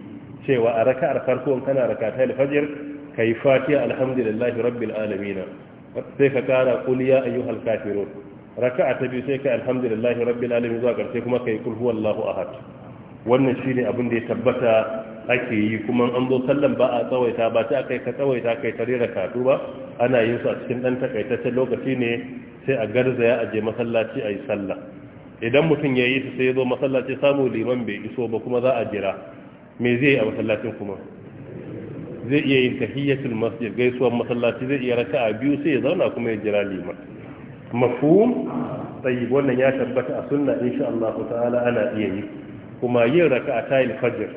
cewa a raka'ar farko in kana rakata alfajir? fajr kai Fatiha alhamdulillahi rabbil alamin sai ka ƙara kuliya ayyuhal kafirun raka'a ta biyu sai ka alhamdulillahi rabbil alamin zuwa karshe kuma kai kul huwallahu ahad wannan shine abin da ya tabbata ake yi kuma an zo sallan ba a tsawaita ba ta kai ka tsawaita kai tare da katu ba ana yin su a cikin dan takaitaccen lokaci ne sai a garzaya a je masallaci a yi sallah idan mutum ya yi su sai ya zo masallaci samu liman bai iso ba kuma za a jira me zai yi a masallacin kuma zai iya yin tahiyyatul masjid gaisuwar masallaci zai iya raka'a biyu sai ya zauna kuma ya jira liman mafhum tayyib wannan ya tabbata a sunna insha Allah ta'ala ana iya yi kuma yin raka'a ta fajr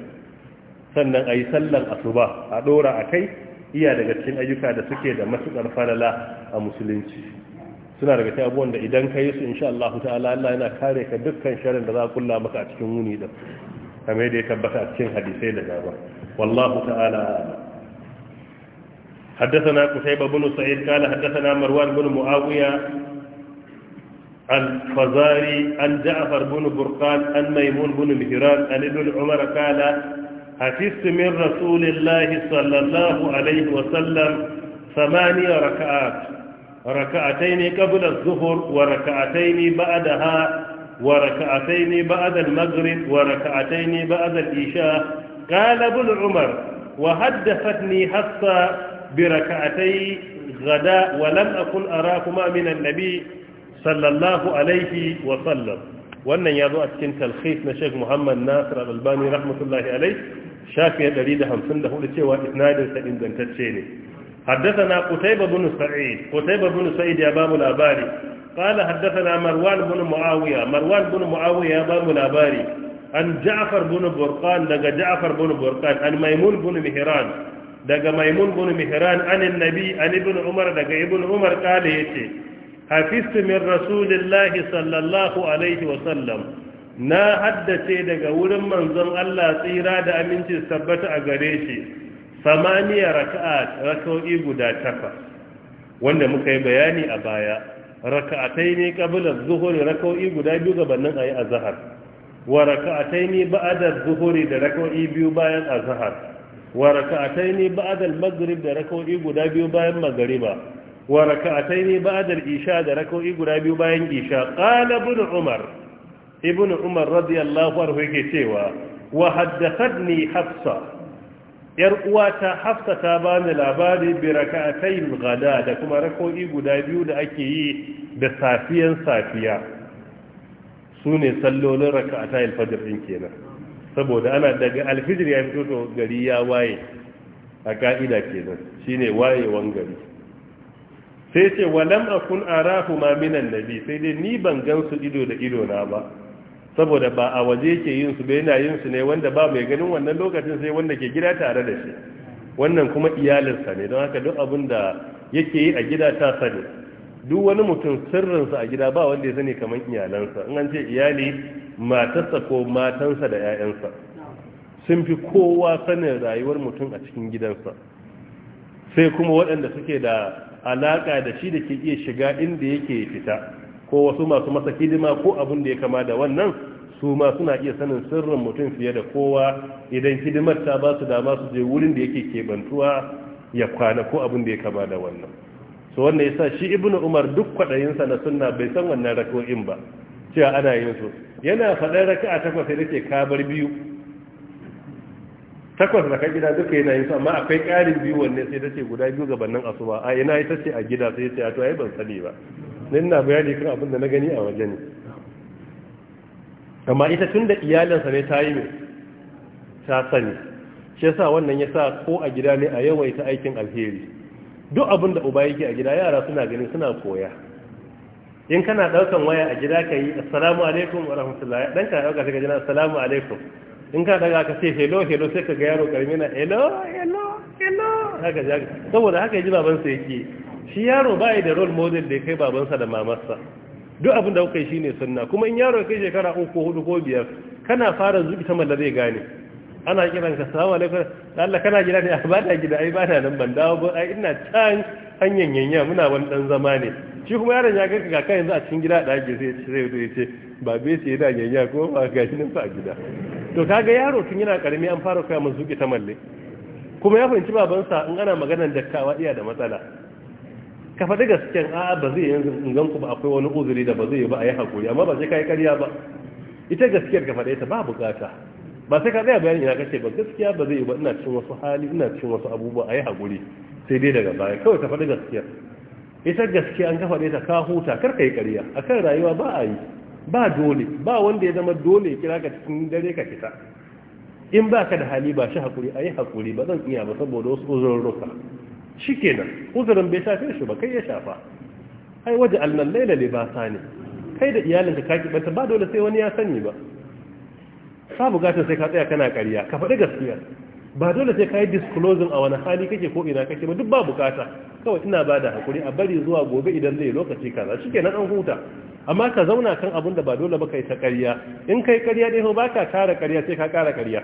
sannan ayi sallar asuba a dora akai iya daga cikin ayyuka da suke da matukar falala a musulunci suna daga cikin abubuwan da idan ka yi su insha Allah ta'ala Allah yana kare ka dukkan sharrin da za ka kulla maka a cikin wuni da kamar da ya tabbata a cikin hadisai da gaba wallahu ta'ala حدثنا قتيبة بن سعيد قال حدثنا مروان بن معاوية الفزاري عن جعفر بن برقان عن ميمون بن مهران عن ابن عمر قال حفظت من رسول الله صلى الله عليه وسلم ثمانية ركعات ركعتين قبل الظهر وركعتين بعدها وركعتين بعد المغرب وركعتين بعد العشاء قال ابن عمر وحدثتني حفصة بركعتي غداء ولم أكن أراكما من النبي sallallahu alaihi wa sallam wannan ya zo a cikin talhis na sheikh muhammad nasir al-albani rahmatullahi alaihi shafi 154 cewa isnadin sa ingantacce ne حدثنا قتيبة بن سعيد قتيبة بن سعيد يا باب الأباري قال حدثنا مروان بن معاوية مروان بن معاوية يا باب الأباري عن جعفر بن برقان لقى جعفر بن برقان عن ميمون بن مهران لقى ميمون بن مهران عن النبي عن ابن عمر لقى ابن عمر قال يتي hafistu min rasulillahi sallallahu alaihi wasallam na haddace daga wurin manzon Allah tsira da aminci tabbata a gare shi samaniya raka'a raka'o'i guda takwas wanda muka yi bayani a baya raka'atai ne kabila zuhuri raka'o'i guda biyu gabanin ayi azhar wa rak'atai ne ba'da zuhuri da raka'o'i biyu bayan azhar wa rak'atai ne ba'da al-maghrib da raka'o'i guda biyu bayan magriba wa raka'ataini ba'da al-isha da rak'o'i guda biyu bayan isha qala ibn umar ibn umar radiyallahu anhu yake cewa wa haddathatni hafsa yar uwata hafsa ta bani labari bi raka'atayn ghada da kuma rak'o'i guda biyu da ake yi da safiyan safiya sune sallolin raka'atayn fajr din kenan saboda ana daga alfijir ya fito gari ya waye a ka'ida kenan shine wayewan gari sai ce walam akun arahu ma minan nabi sai dai ni ban gansu ido da ido na ba saboda ba a waje ke yin su ba yana yin su ne wanda ba mai ganin wannan lokacin sai wanda ke gida tare da shi wannan kuma iyalinsa ne don haka duk abin da yake yi a gida ta sani duk wani mutum sirrinsa a gida ba wanda ya sani kamar iyalansa in an ce iyali matarsa ko matansa da 'ya'yansa sun fi kowa sanin rayuwar mutum a cikin gidansa sai kuma waɗanda suke da alaka da shi da ke iya shiga inda yake fita ko wasu masu masa hidima ko abin da ya kama da wannan su ma suna iya sanin sirrin mutum fiye da kowa idan hidimar ta ba su dama su je wurin da yake kebantuwa ya kwana ko abin da ya kama da wannan so wannan yasa shi ibnu umar duk kwaɗayinsa na sunna bai san wannan rako'in ba cewa ana yin su yana faɗar raka'a takwas sai dake kabar biyu takwas da gida duka yana yin su amma akwai ƙarin biyu wanne sai ta ce guda biyu gabanin asuba a ina ita ce a gida sai ce a to ai ban sani ba na ina bayani kan abin da na gani a waje ne amma ita tun da iyalinsa ne ta yi mai ta sani shi yasa wannan ya sa ko a gida ne a yawaita aikin alheri duk abin da uba yake a gida yara suna gani suna koya in kana ɗaukan waya a gida ka yi assalamu alaikum wa rahmatullahi dan ka ɗauka sai ka jina assalamu alaikum in ka daga ka ce hello hello sai ka ga yaro karmi na hello hello hello haka ja saboda haka yaji babansa yake shi yaro bai da role model da kai babansa da mamarsa duk abin da kuka yi shine sunna kuma in yaro kai shekara uku hudu ko biyar kana fara zubi ta malla zai gane ana kiran ka salamu alaikum Allah kana gida ne (laughs) ah, ba da gida ai ba ta nan ban dawo ba ai ina can hanyen yanya muna wani dan zama ne shi kuma yaron ya ganka kai yanzu a cikin gida da ake sai sai ya ce babe sai da yanya ko ba ga shi nan ba gida to kaga yaro tun yana karami an fara koya mun zuki ta malle kuma ya fahimci babansa in ana maganar kawa iya da matsala ka faɗi gasken a'a ba zai yanzu in ku ba akwai wani uzuri da ba zai yi ba a yi hakuri amma ba sai ka yi karya ba ita gaskiyar ka faɗi ta ba bukata ba sai ka tsaya bayan ina kace ba gaskiya ba zai yi ba ina cin wasu hali ina cin wasu abubuwa a yi hakuri sai dai daga baya kawai ka faɗi gaskiyar ita gaskiya an ka faɗi ta ka huta kar ka yi A akan rayuwa ba a yi ba dole ba wanda ya zama dole ya kira ka cikin dare ka fita in ba ka da hali ba shi hakuri a yi hakuri ba zan iya ba saboda wasu uzurin ruka shi nan uzurin bai shafe shi ba kai ya shafa ai waje alnan laila libasa ne kai da iyalinka ka kibanta ba dole sai wani ya sani ba sa bukatar sai ka tsaya kana ƙarya ka faɗi gaskiya ba dole sai ka yi disclosing a wani hali kake ko ina kake ba duk ba bukata kawai ina ba da hakuri a bari zuwa gobe idan zai lokaci kaza shi kenan an huta amma ka zauna kan abin da ba dole ba kai ta ƙarya in kai ƙarya ko ba ka ƙara ƙarya sai ka ƙara ƙarya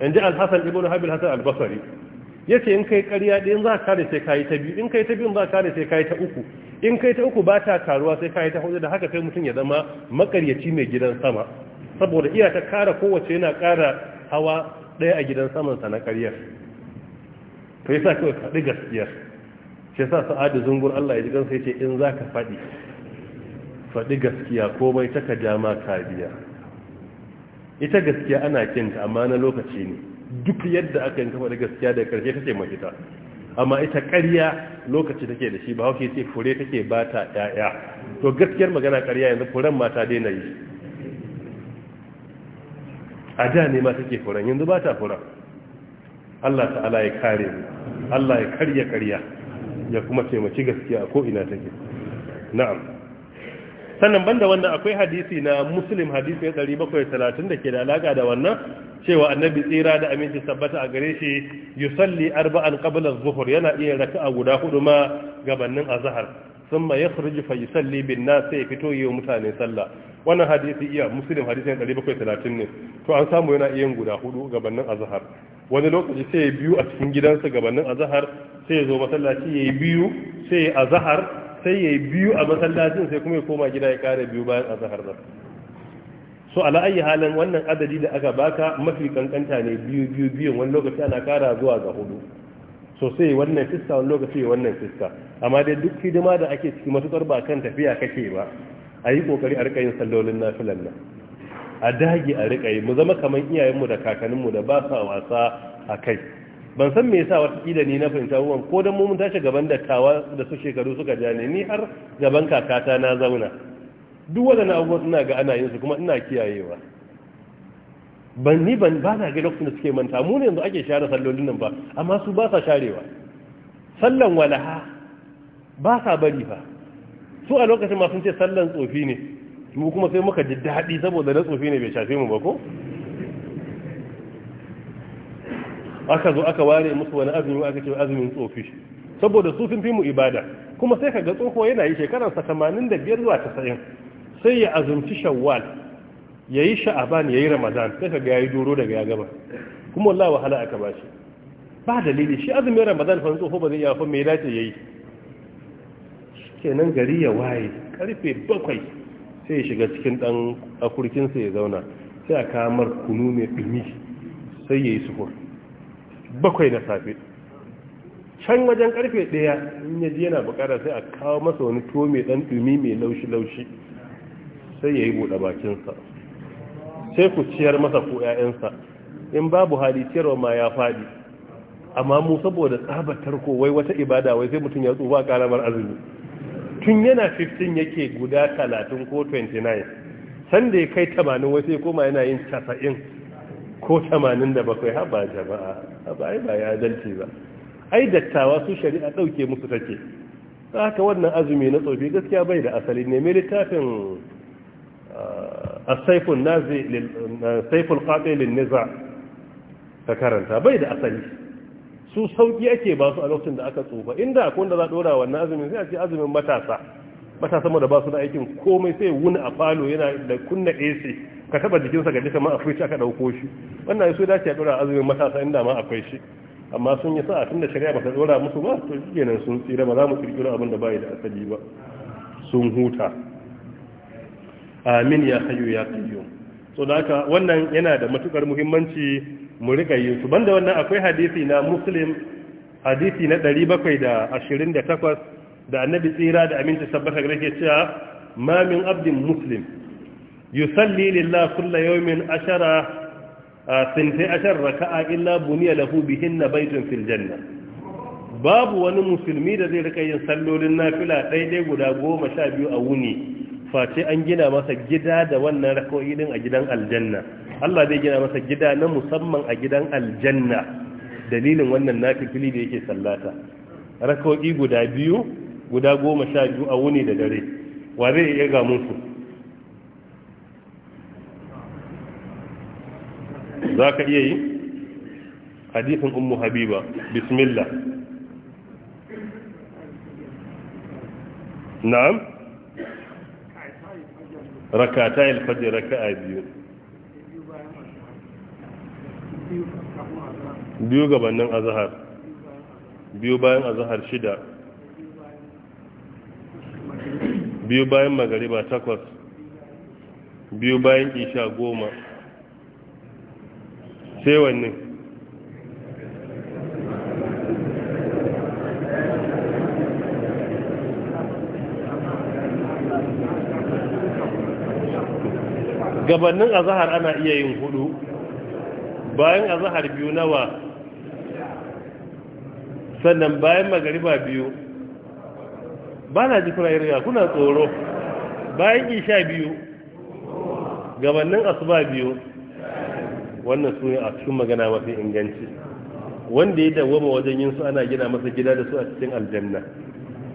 in ji alhassan ibn habil hasan albasari ya ce in kai ƙarya ɗin za ka kare sai ka yi ta biyu in kai ta biyu za ka kare sai ka yi ta uku in kai ta uku ba ta karuwa sai ka yi ta hudu da haka sai mutum ya zama maƙaryaci mai gidan sama saboda iya ta ƙara kowace yana ƙara hawa ɗaya a gidan samansa na ƙaryar to yasa kawai faɗi gaskiyar shi yasa sa'adu zungur Allah ya ji gansa yace in ka faɗi faɗi gaskiya komai taka dama kariya ita gaskiya ana kinta amma na lokaci ne duk yadda aka yanka faɗi gaskiya da ƙarshe take mahita amma ita ƙarya lokaci take da shi ba hauke ce fure take ba ta ɗaya to gaskiyar magana ƙarya yanzu furen mata daina yi a da ne ma take furen yanzu ba ta furen Allah ta'ala ya kare mu Allah ya karya karya ya kuma taimaki gaskiya ko ina take na'am sannan banda wanda akwai hadisi na muslim hadisi ya 730 da ke da alaƙa da wannan cewa annabi tsira da aminci sabbata a gare shi yusalli arba'an qabla zuhur yana iya a guda hudu ma gabanin azhar thumma yakhruju fa yusalli bin nas sai fito yi mutane sallah wannan hadisi iya muslim hadisi ya 730 ne to an samu yana iya guda hudu gabanin azhar wani lokaci sai biyu a cikin gidansa gabanin azhar sai ya zo masallaci yayi biyu sai azhar sai ya yi biyu a masallacin sai kuma ya koma gida ya kare biyu bayan a zahar da so ala ayi halin wannan adadi da aka baka mafi kankanta ne biyu biyu biyun wani lokaci ana kara zuwa ga hudu so sai wannan fiska wani lokaci ya wannan fiska amma dai duk hidima da ake ciki matukar ba kan tafiya kake ba a yi kokari a riƙa yin sallolin nafilan nan a dage a riƙa yi mu zama kamar iyayenmu da kakanninmu da ba sa wasa a kai ban san me yasa kila ne na fahimta uwan, ko dan mun tashi gaban da dattawa da su shekaru suka ja ne ni har gaban kakata na zauna duk wannan abubuwa ina ga ana yin su kuma ina kiyayewa ban ni ban ba na ga lokacin da suke manta mu ne yanzu ake share sallolin nan ba amma su ba sa sharewa sallan walaha ba sa bari fa su a lokacin ma sun ce sallan tsofi ne mu kuma sai muka ji daɗi saboda na tsofi ne bai shafe mu ba ko aka zo aka ware musu wani azumi aka ce azumin tsofi saboda su sun fi mu ibada kuma sai ka ga tsoho yana yi shekarar sa da biyar zuwa casa'in sai ya azumci shawwal ya yi sha'aban ya yi ramadan sai ka ga ya yi doro daga ya gaba kuma wallah wahala aka ba shi ba dalili shi azumin ramadan fa tsoho ba zai fa mai dace ya yi kenan gari ya waye karfe bakwai sai ya shiga cikin dan sa ya zauna sai a kamar kunu mai dumi sai yayi yi suhur bakwai na safe can wajen karfe ɗaya in ya ji yana bukara sai a kawo masa wani tuwo mai ɗan ɗumi mai laushi-laushi sai ya yi buɗe bakinsa sai ku ciyar masa ko 'ya'yansa in babu hali ciyarwa ma ya faɗi amma mu saboda tsabatar kowai wata ibada wai sai mutum ya tsufa karamar azumi tun yana 15 yake guda 30 ko 29 sanda ya kai 80 wai sai koma yana yin 90 ko 87 haɓa jama'a haɓa ai ba ya dalce ba ai dattawa su shari'a ɗauke musu take haka wannan azumi na tsofi gaskiya bai da asali ne mai littafin asaifun ah, nazi ah, saiful qatilin niza ta karanta bai da asali su sauƙi ake ba su a lokacin da aka tsufa inda akwai wanda za a ɗora wannan azumin sai a ce azumin matasa matasa da ba su da aikin komai sai wuni a falo yana da kunna AC ka taba jikinsa sa ga a firci aka ɗauko shi wannan ya so dace a ɗora azumin matasa inda ma akwai shi amma sun yi sa'a tunda shari'a ba ta ɗora musu ba to shi kenan sun tsira ba za mu kirkiro abin da ba da asali ba sun huta amin ya hayu ya kayo so da haka wannan yana da matukar muhimmanci mu rika yin su banda wannan akwai hadisi na muslim hadisi na 728 da annabi tsira da aminci sabbata gare ke cewa ma min abdin muslim yusalli lillah kulla yawmin ashara sinti ashar raka'a illa buniya lahu bihinna baitun fil janna babu wani musulmi da zai rika yin sallolin nafila daidai guda goma sha biyu a wuni face an gina masa gida da wannan rako'i din a gidan aljanna Allah zai gina masa gida na musamman a gidan aljanna dalilin wannan nafifili da yake sallata rako'i guda biyu guda goma sha biyu a wuni da dare wa zai iya ga musu za ka iya yi hadithin ummu habiba bismillah na'am rakata alfajir raka'a biyu biyu gabanin azahar biyu bayan azahar shida biyu bayan magariba takwas biyu bayan isha goma sai gabannin azahar ana iya yin hudu bayan azahar biyu nawa sannan bayan magariba biyu ba na ji kuna yarda kuna tsoro bayan isha biyu gabannin asuba biyu wannan su ne a cikin magana mafi inganci wanda ya dawo wajen yin su ana gina masa gida da su a cikin aljanna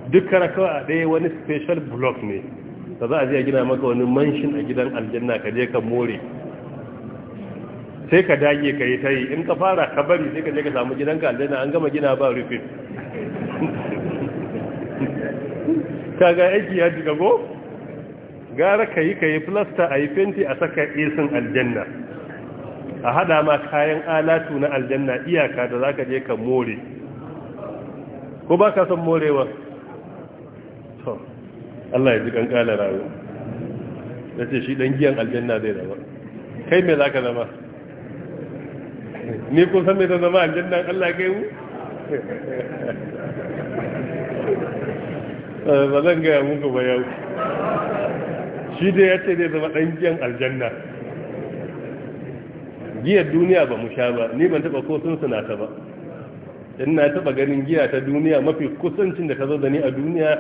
duk karakawa a ɗaya wani special block ne da za a je a gina maka wani manshin a gidan aljanna ka je ka more sai ka dage ka yi ta yi in ka fara ka bari sai ka je ka samu gidan ka aljanna an gama gina ba rufin (laughs) ka ga aiki ya ji go gara ka yi ka yi plasta a yi fenti a saka isin aljanna a hada ma kayan alatu na aljanna iyaka da zaka je ka more ko ba ka son morewa to Allah ya ji kankana rawo yace shi dan giyan aljanna zai zama kai me zaka zama ni kun san me zama aljanna Allah kai mu (laughs) eh, ba zan gaya muku ba yau shi dai ya ce zai zama ɗan giyan aljanna giyar duniya ba mu sha ba ni ban taba ko sun suna ta ba in na taba ganin giya ta duniya mafi kusancin da ta zo da ni a duniya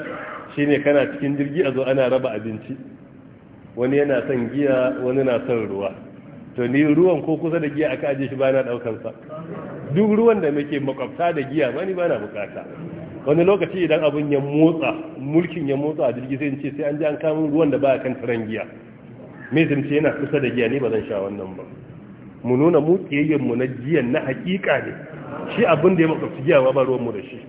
shine kana cikin jirgi a zo ana raba abinci wani yana son giya wani na son ruwa to ni ruwan ko kusa da giya aka aje shi ba na daukar sa duk ruwan da muke makwabta da giya ba ni ba na bukata wani lokaci idan abun ya motsa mulkin ya motsa a jirgi sai in ce sai an ji an kamun ruwan da ba kan taran giya me zance yana kusa da giya ni ba zan sha wannan ba mu nuna mu kiyayyen mu na jiyan na hakika ne shi abin da ya makwabci giya ba ruwan mu da shi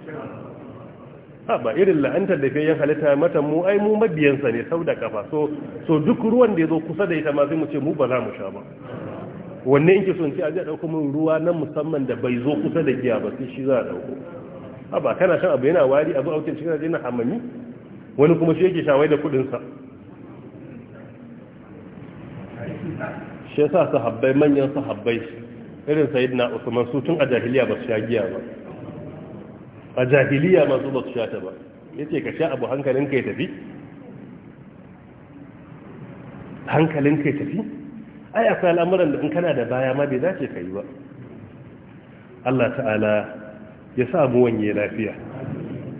ha ba irin la'antar da fayyan halitta mata mu ai mu mabiyansa ne sau da kafa so so duk ruwan da ya zo kusa da ita ma zai mu ce mu ba za mu sha ba wanne yake ke son ce a zai ɗauko min ruwa na musamman da bai zo kusa da giya ba sai shi za a ɗauko ha ba kana shan abu yana wari abu a wucin cikin na hamami wani kuma shi yake shawai da kuɗinsa shi yasa sahabbai manyan sahabbai irin sayyidina usman su tun a jahiliya ba su sha giya ba a jahiliya ma su ba su sha ta ba yace ka sha abu hankalinka ya tafi hankalinka ya tafi ai akwai al'amuran da in kana da baya ma bai ce ka yi ba Allah ta'ala ya sa mu wanye lafiya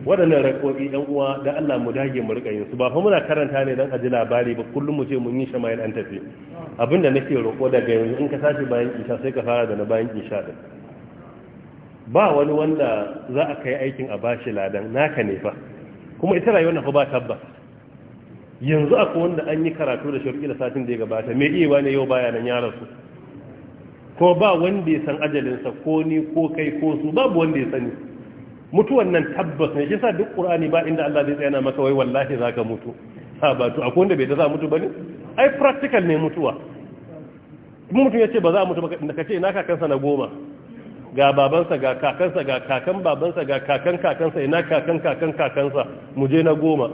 waɗannan raƙoƙi ɗan uwa da Allah mu dage mu riƙa yin su ba fa muna karanta ne dan aji labari ba kullum mu je mun yi shamayin an tafi abinda nake roƙo daga yanzu in ka tashi bayan isha sai ka fara da na bayan isha din ba wani wanda za a kai aikin a bashi ladan naka ne fa kuma ita rayuwar na fa ba tabbas yanzu akwai wanda an yi karatu da shirki da satin da ya gabata me iya wani yau baya nan ya rasu ko ba wanda ya san ajalinsa ko ni ko kai ko su babu wanda ya sani mutuwan nan tabbas ne shi sa duk qur'ani ba inda Allah zai tsaya maka wai wallahi zaka mutu ha ba to akwai wanda bai da za mutu bane ai practical ne mutuwa in mutum ya ce ba za mutu ba ka ce ina kakansa na goma ga babansa ga kakansa ga kakan babansa ga kakan kakansa ina kakan kakan kakansa mu je na goma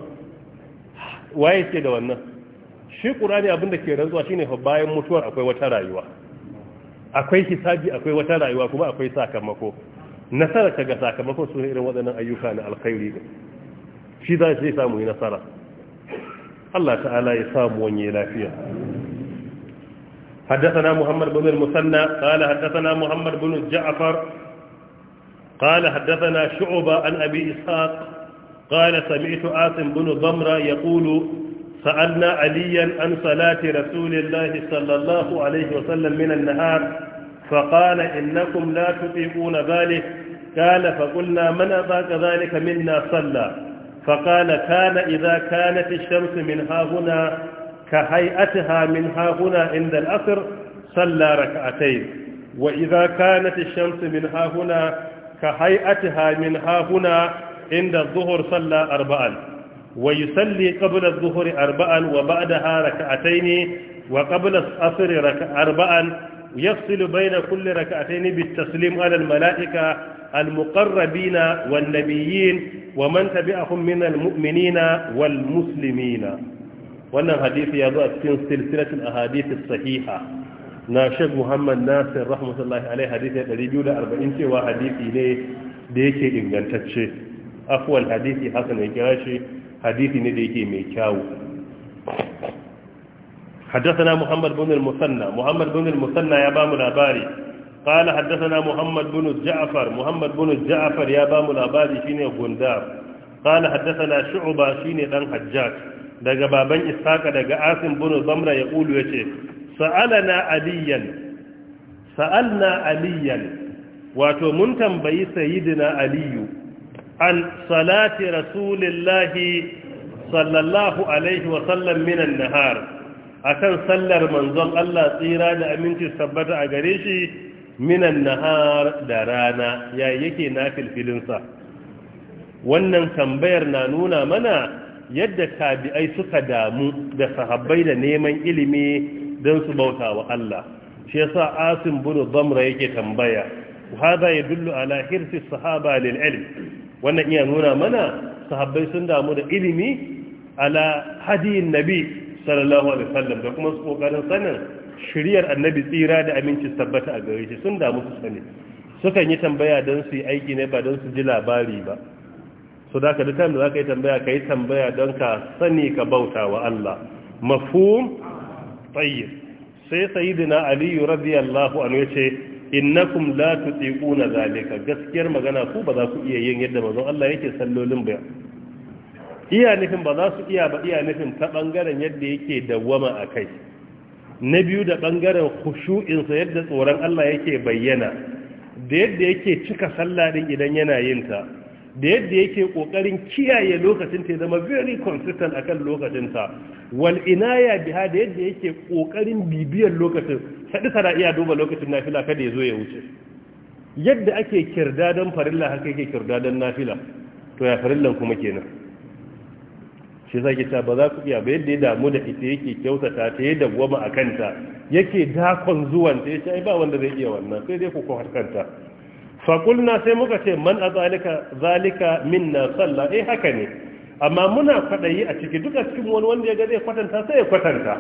waye ce da wannan shi qur'ani abin da ke rantsuwa shine fa bayan mutuwar akwai wata rayuwa akwai hisabi akwai wata rayuwa kuma akwai sakamako nasara ka ga sakamakon su irin waɗannan ayyuka na alkhairi din shi za su samu yi nasara Allah ta'ala ya samu wanye lafiya حدثنا محمد بن المثنى قال حدثنا محمد بن جعفر قال حدثنا شعبة عن أبي إسحاق قال سمعت آثم بن ضمرة يقول سألنا عليا عن صلاة رسول الله صلى الله عليه وسلم من النهار فقال إنكم لا تطيقون ذلك قال فقلنا من أضاك ذلك منا صلى فقال كان إذا كانت الشمس من ها هنا كهيئتها من ها هنا عند الأثر صلى ركعتين وإذا كانت الشمس من ها هنا كهيئتها من ها هنا عند الظهر صلى أربعا ويصلي قبل الظهر أربعا وبعدها ركعتين وقبل الأثر أربعا يفصل بين كل ركعتين بالتسليم على الملائكة المقربين والنبيين ومن تبعهم من المؤمنين والمسلمين wannan hadisi ya zo a cikin silsilatul ahadith sahiha na Sheikh Muhammad Nasir rahmatullahi alaihi hadisi 240 cewa hadisi ne da yake ingantacce afwal hadisi hasan ya kira shi hadisi ne da yake mai kyawu. حدثنا محمد بن المثنى محمد بن المثنى يا بام الأباري قال حدثنا محمد بن الجعفر محمد بن الجعفر يا بام الأباري شيني غندار قال حدثنا شعبة شيني دان حجاج daga baban isaka daga asim bin zamra ya kulu yace sa'alana aliyan sa'alna aliyan wato mun tambayi sayyidina aliyu an salati rasulillahi sallallahu alaihi wa sallam minan nahar akan sallar manzon Allah tsira da aminci tabbata a gare shi minan nahar da rana ya yake na filfilinsa wannan tambayar na nuna mana yadda tabi'ai suka damu da sahabbai da neman ilimi don su bauta wa Allah shi yasa asim bunu damra yake tambaya hada dullu ala hirsi sahaba lil ilm wannan iya nuna mana sahabbai sun damu da ilimi ala hadiyin nabi sallallahu alaihi wasallam da kuma su kokarin sanin shiriyar annabi tsira da aminci tabbata a gare shi sun damu su sani sukan yi tambaya don su yi aiki ne ba don su ji labari ba so da ka da za ka yi tambaya ka yi tambaya don ka sani ka bauta wa Allah mafhum tayyib sai sayyidina ali radiyallahu anhu yace innakum la tutiquna zalika gaskiyar magana ku ba za ku iya yin yadda manzon Allah yake sallolin ba iya nufin ba za su iya ba iya nufin ta bangaren yadda yake dawwama a kai na biyu da bangaren kushu'insa yadda tsoron Allah yake bayyana da yadda yake cika sallah idan yana yin ta da yadda yake kokarin kiyaye lokacin ta zama very consistent akan lokacin ta wal inaya biha da yadda yake kokarin bibiyar lokacin sadi sana iya duba lokacin nafila kada ya zo ya wuce yadda ake kirdadan farilla haka yake kirdadan nafila to ya farillan kuma kenan shi yasa ke ba za ku iya ba yadda ya damu da ita yake kyautata ta ya dawwama a kanta yake dakon zuwan ta yace ai ba wanda zai iya wannan sai dai ku ko harkanta fa sai muka ce man azalika zalika minna salla eh haka ne amma muna kwadayi a ciki duka cikin wani wanda ya ga zai kwatanta sai ya kwatanta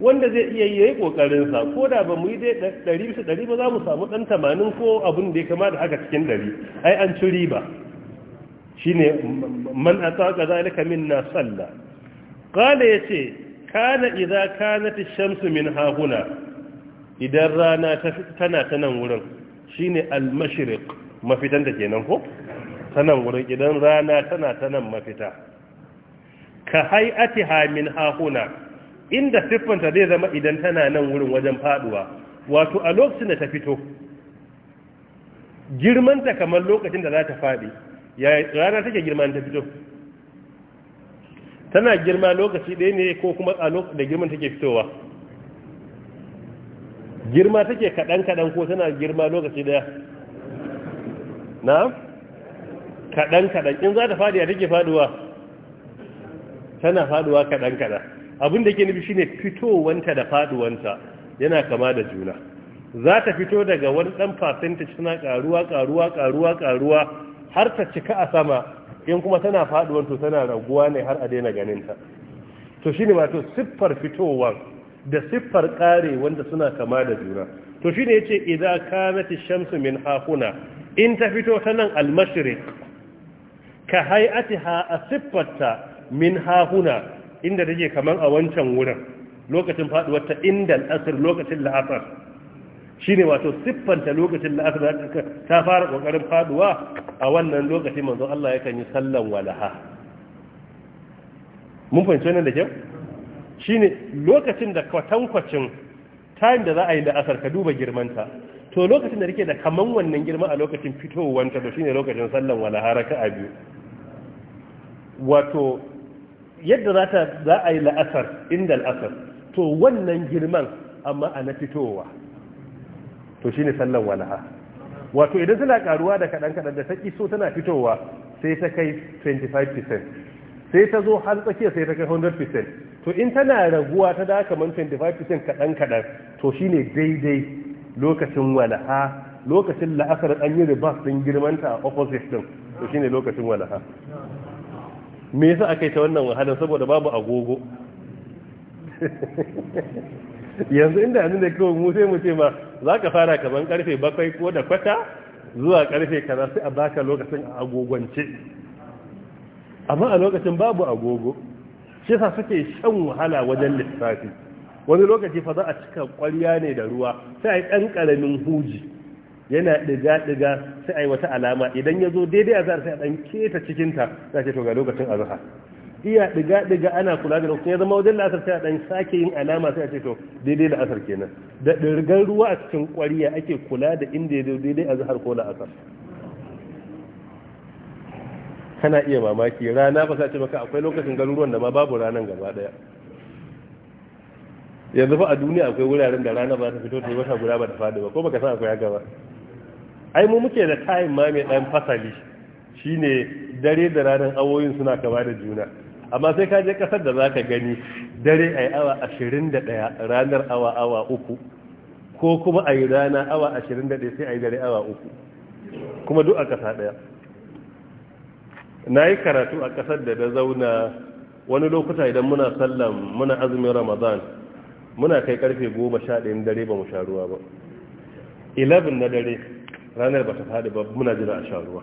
wanda zai iya yi kokarin sa ko da ba mu yi dai ɗari bisa ɗari ba za mu samu ɗan tamanin ko abin da ya kama da haka cikin ɗari ai an ci riba shine man ataka zalika minna salla qala yace kana idza kana ash-shamsu min hahuna idan rana tana ta nan wurin shine al-mashriq mafitan ta kenan ko Ta nan wurin idan rana tana ta nan mafita ka ha min hahuna inda siffanta zai zama idan tana nan wurin wajen faduwa wato a lokacin da ta fito girmanta kamar lokacin da za ta faɗi rana take girma ta fito tana girma lokaci ɗaya ne ko kuma a da girman take fitowa girma take kaɗan-kaɗan ko tana girma lokaci ɗaya na kaɗan-kaɗan in za ta faɗi a take faɗuwa tana faɗuwa kaɗan-kaɗan abin da ke nufi shi ne fitowanta da faɗuwanta yana kama da juna za ta fito daga wani ɗan percentage tana ƙaruwa ƙaruwa ƙaruwa ƙaruwa har ta cika a sama in kuma tana faduwar to tana raguwa ne har a daina ganinta. ta to shine wato siffar fitowar da siffar kare wanda suna kama da juna to shine yace idza kanat ash-shamsu min hahuna in ta fito ta nan al-mashriq ka hay'atiha asiffatta min hahuna inda take kaman a wancan wurin lokacin faduwar ta indal asr lokacin la'asar Shi ne wato siffanta lokacin da aka ta fara ƙoƙarin faduwa a wannan lokacin manzo Allah yakan yi sallan walaha mun fahimci wannan da kyau Shi ne lokacin da kwatankwacin time da za a yi da asar ka duba girmanta to lokacin da rike da kaman wannan girma a lokacin fitowanta to shine lokacin sallan walaha a biyu wato yadda za ta za a yi la'asar inda la'asar to wannan girman amma a na fitowa to shine sallan walaha wato idan tana karuwa da kadan kadan da ta kiso tana fitowa sai ta kai 25% sai ta zo har tsakiya sai ta kai 100% to in tana raguwa ta da kaman 25% kadan kadan to shine daidai lokacin walaha lokacin la'asar an yi riba din girmanta a opposite din to shine lokacin walaha me yasa aka yi ta wannan wahalar saboda babu agogo (laughs) yanzu inda yanzu da kawai mu sai mu ce ma za ka fara kaman karfe bakwai ko da kwata zuwa karfe kaza sai a baka lokacin a agogonce amma a lokacin babu agogo shi sa suke shan wahala wajen lissafi wani lokaci fa za a cika ƙwarya ne da ruwa sai a yi ɗan ƙaramin huji yana ɗiga-ɗiga sai a yi wata alama idan ya zo daidai a za sai a ɗan keta cikinta za ce to ga lokacin azahar iya diga diga ana kula da rukun ya zama wajen la'asar ta a dan sake yin alama sai a ce to daidai da asar kenan da dirgan ruwa a cikin kwariya ake kula da inda ya daidai a zahar ko la'asar kana iya mamaki rana ba sa ce maka akwai lokacin garuruwan da ma babu ranan gaba daya yanzu fa a duniya akwai wuraren da rana ba ta fito ta yi wata guda ba ta fadi ba ko baka san akwai gaba ai mu muke da time ma mai dan fasali shine dare da ranar awoyin suna kaba da juna amma sai ka je kasar da zaka gani dare yi awa 21 ranar awa awa uku ko kuma yi rana awa 21 sai yi dare awa uku kuma duk a kasa daya na yi karatu a kasar da na zauna wani lokuta idan muna sallan muna azumin ramadan muna kai karfe goma dare ba mu sha ruwa ba 11 na dare ranar ba ta faɗi ba muna jira a sha ruwa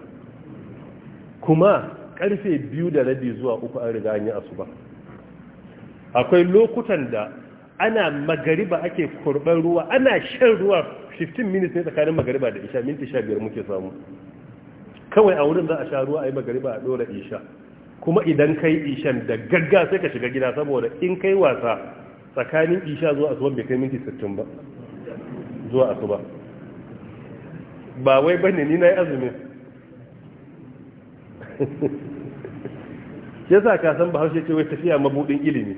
kuma karfe biyu da rabi zuwa uku an riga an yi asuba akwai lokutan da ana magariba ake kurban ruwa ana shan ruwa 15 minutes ne tsakanin magariba da isha minti 15 muke samu kawai a wurin za a sha ruwa a yi magariba a dora isha kuma idan kai ishan da gagga sai ka shiga gida saboda in kai wasa tsakanin isha zuwa asuba bai kai minti 60 ba zuwa asuba ba wai bane ni na yi azumin ya sa ka san bahaushe ce wai tafiya mabudin ilimi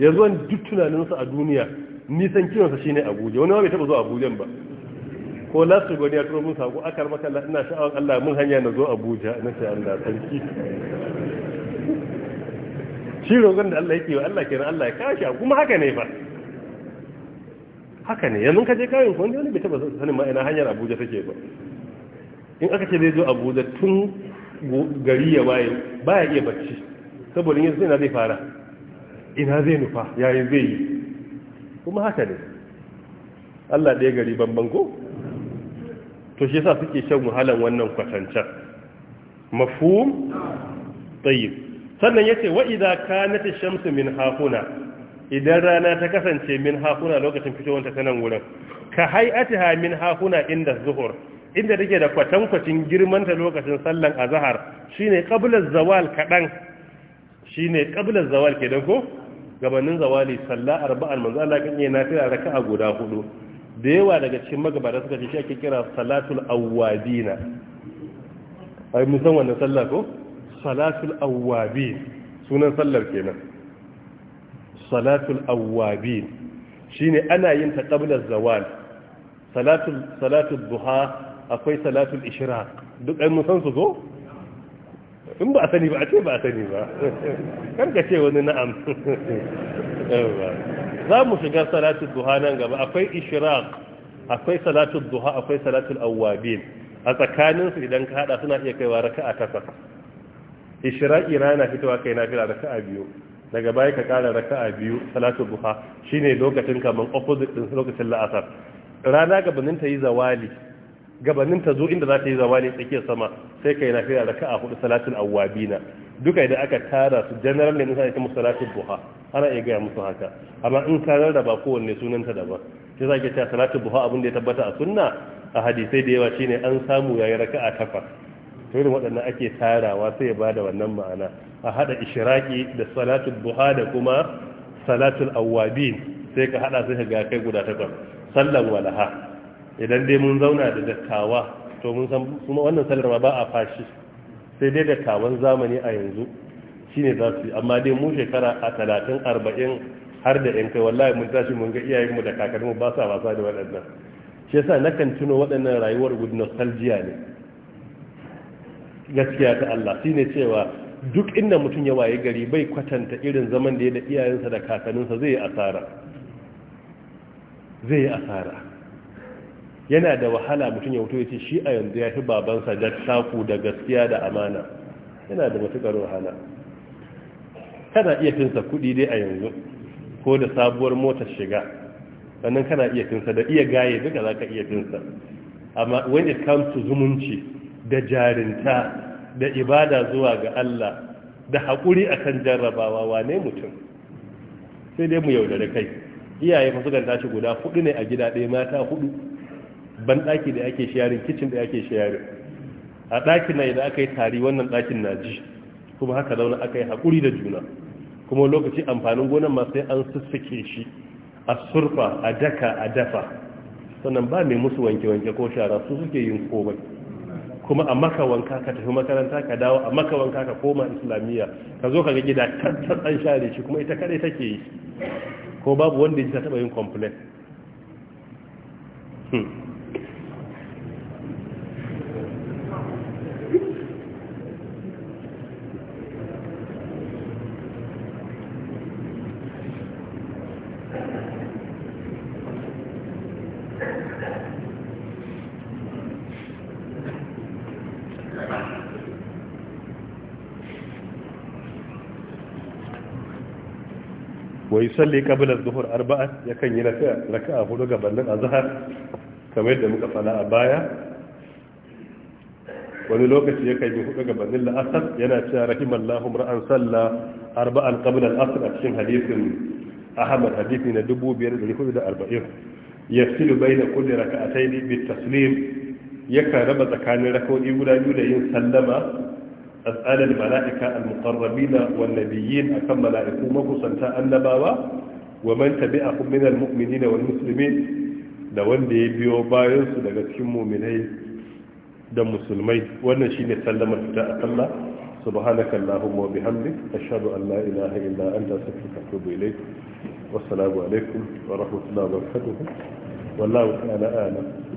yanzu wani duk tunaninsa a duniya nisan shi shine abuja wani ma taba zuwa abujan ba ko lasu gani wani ya turo mun sako akar maka ina sha'awar Allah mun hanya na zo abuja na shi Allah sarki shi rogon da Allah yake wa Allah kenan Allah ya kashi kuma haka ne ba haka ne yanzu ka je kawai ko wani bai taba sanin ma hanyar abuja take ba in aka ce zai zo abuja tun gari ya waye ba ya iya bacci saboda yin ina zai fara ina zai nufa yayin zai yi kuma haka ne Allah ɗaya gari banban ko to shi yasa suke shan wahalan wannan kwatancan mafum tsaye sannan ce wa idza na ta shamsu min hafuna idan rana ta kasance min hafuna lokacin fitowar ta nan wurin ka hay'atiha min hafuna inda zuhur inda take da kwatankwacin ta lokacin sallan azhar shine qabla zawal kadan shine qabla zawal kenan ko gabanin zawali salla arba'an manzo Allah kan yi nafila raka'a guda hudu da yawa daga cikin magabata suka ce shi ake kira salatul awwabina ai mun san wannan salla ko salatul awwabin sunan sallar kenan salatul awwabin shine ana yin ta qabla zawal salatul salatul duha akwai salatul ishraq duk ɗan mun san su ko in ba a sani ba a ce ba a sani ba (laughs) karka ce wani na'am (laughs) za mu shiga salatul duha nan gaba akwai ishraq akwai salatul duha akwai salatul awwabin a tsakanin su idan ka hada suna iya kaiwa raka'a takwas ishraqi rana fitowa kai na raka raka'a biyu daga baya ka kara raka'a biyu salatul duha shine lokacin kaman opposite din lokacin la'asar rana gabanin ta yi zawali gabanin ta zo inda za ta yi zamani tsakiyar sama sai kai na fiya raka'a hudu salatul awwabina duka idan aka tara su general ne sai ta salatin buha. ana iya gaya musu haka amma in ka rarraba kowanne sunanta daban sai za ki ta salatin buha abin da ya tabbata a sunna a hadisai da yawa shine an samu yayi raka'a takwas to irin waɗannan ake tarawa sai ya bada wannan ma'ana a hada ishiraki da salatin buha da kuma salatul awwabin sai ka hada sai ka ga kai guda takwas sallan walaha idan dai mun zauna da dattawa to mun san kuma wannan sallar ma ba a fashi sai dai dattawan zamani a yanzu shine za su amma dai mu shekara a talatin arba'in har da yan kai wallahi mun tashi mun ga iyayenmu da kakanninmu ba sa wasa da waɗannan shi yasa nakan tuno waɗannan rayuwar good nostalgia ne gaskiya ta Allah shine cewa duk inda mutum ya waye gari bai kwatanta irin zaman da ya da iyayensa da kakanninsa zai yi asara zai yi asara yana da wahala mutum ya wuto ya ce shi a yanzu ya fi babansa da saku da gaskiya da amana yana da matuƙar wahala kana iya finsa kuɗi dai a yanzu ko da sabuwar motar shiga sannan kana iya finsa da iya gaye duka za ka iya finsa amma when it comes to zumunci da jarinta da ibada zuwa ga Allah da haƙuri akan jarrabawa wane mutum sai dai mu yaudare kai iyaye masu ganta tashi guda hudu ne a gida ɗaya mata hudu ban ɗaki da ake sharing kicin da ake sharing a ɗakin na idan aka yi tari wannan ɗakin na ji kuma haka zauna aka yi haƙuri da juna kuma lokaci amfanin gonan ma sai an sussuke shi a surfa a daka a dafa sannan ba mai musu wanke-wanke ko shara su suke yin komai kuma a maka wanka ka tafi makaranta ka dawo a maka wanka ka koma islamiyya ka zo ka ga gida tattar an share shi kuma ita kadai take yi ko babu wanda ya taba yin complain hmm. wa yusalli qabla adh-dhuhr arba'a kan yi raka'a hudu gabanin zahar kamar yadda muka fada a baya wani lokaci yakan yi hudu gabanin la'asar yana cewa rahimallahu ra'an salla arba'an qabla asir a cikin hadisin ahmad hadisi na 2440 yafsilu bayna kulli raka'atayn bit taslim yakan raba tsakanin raka'o'i guda biyu da yin sallama as'ala al mala'ika al muqarrabina wan nabiyyin akan mala'iku makusanta annabawa wa man tabi'ahum min al mu'minina wal da wanda ya biyo bayan daga cikin mu'minai da musulmai wannan shine sallamar fita a sallah subhanaka allahumma wa bihamdik ashhadu an la ilaha illa anta wa wa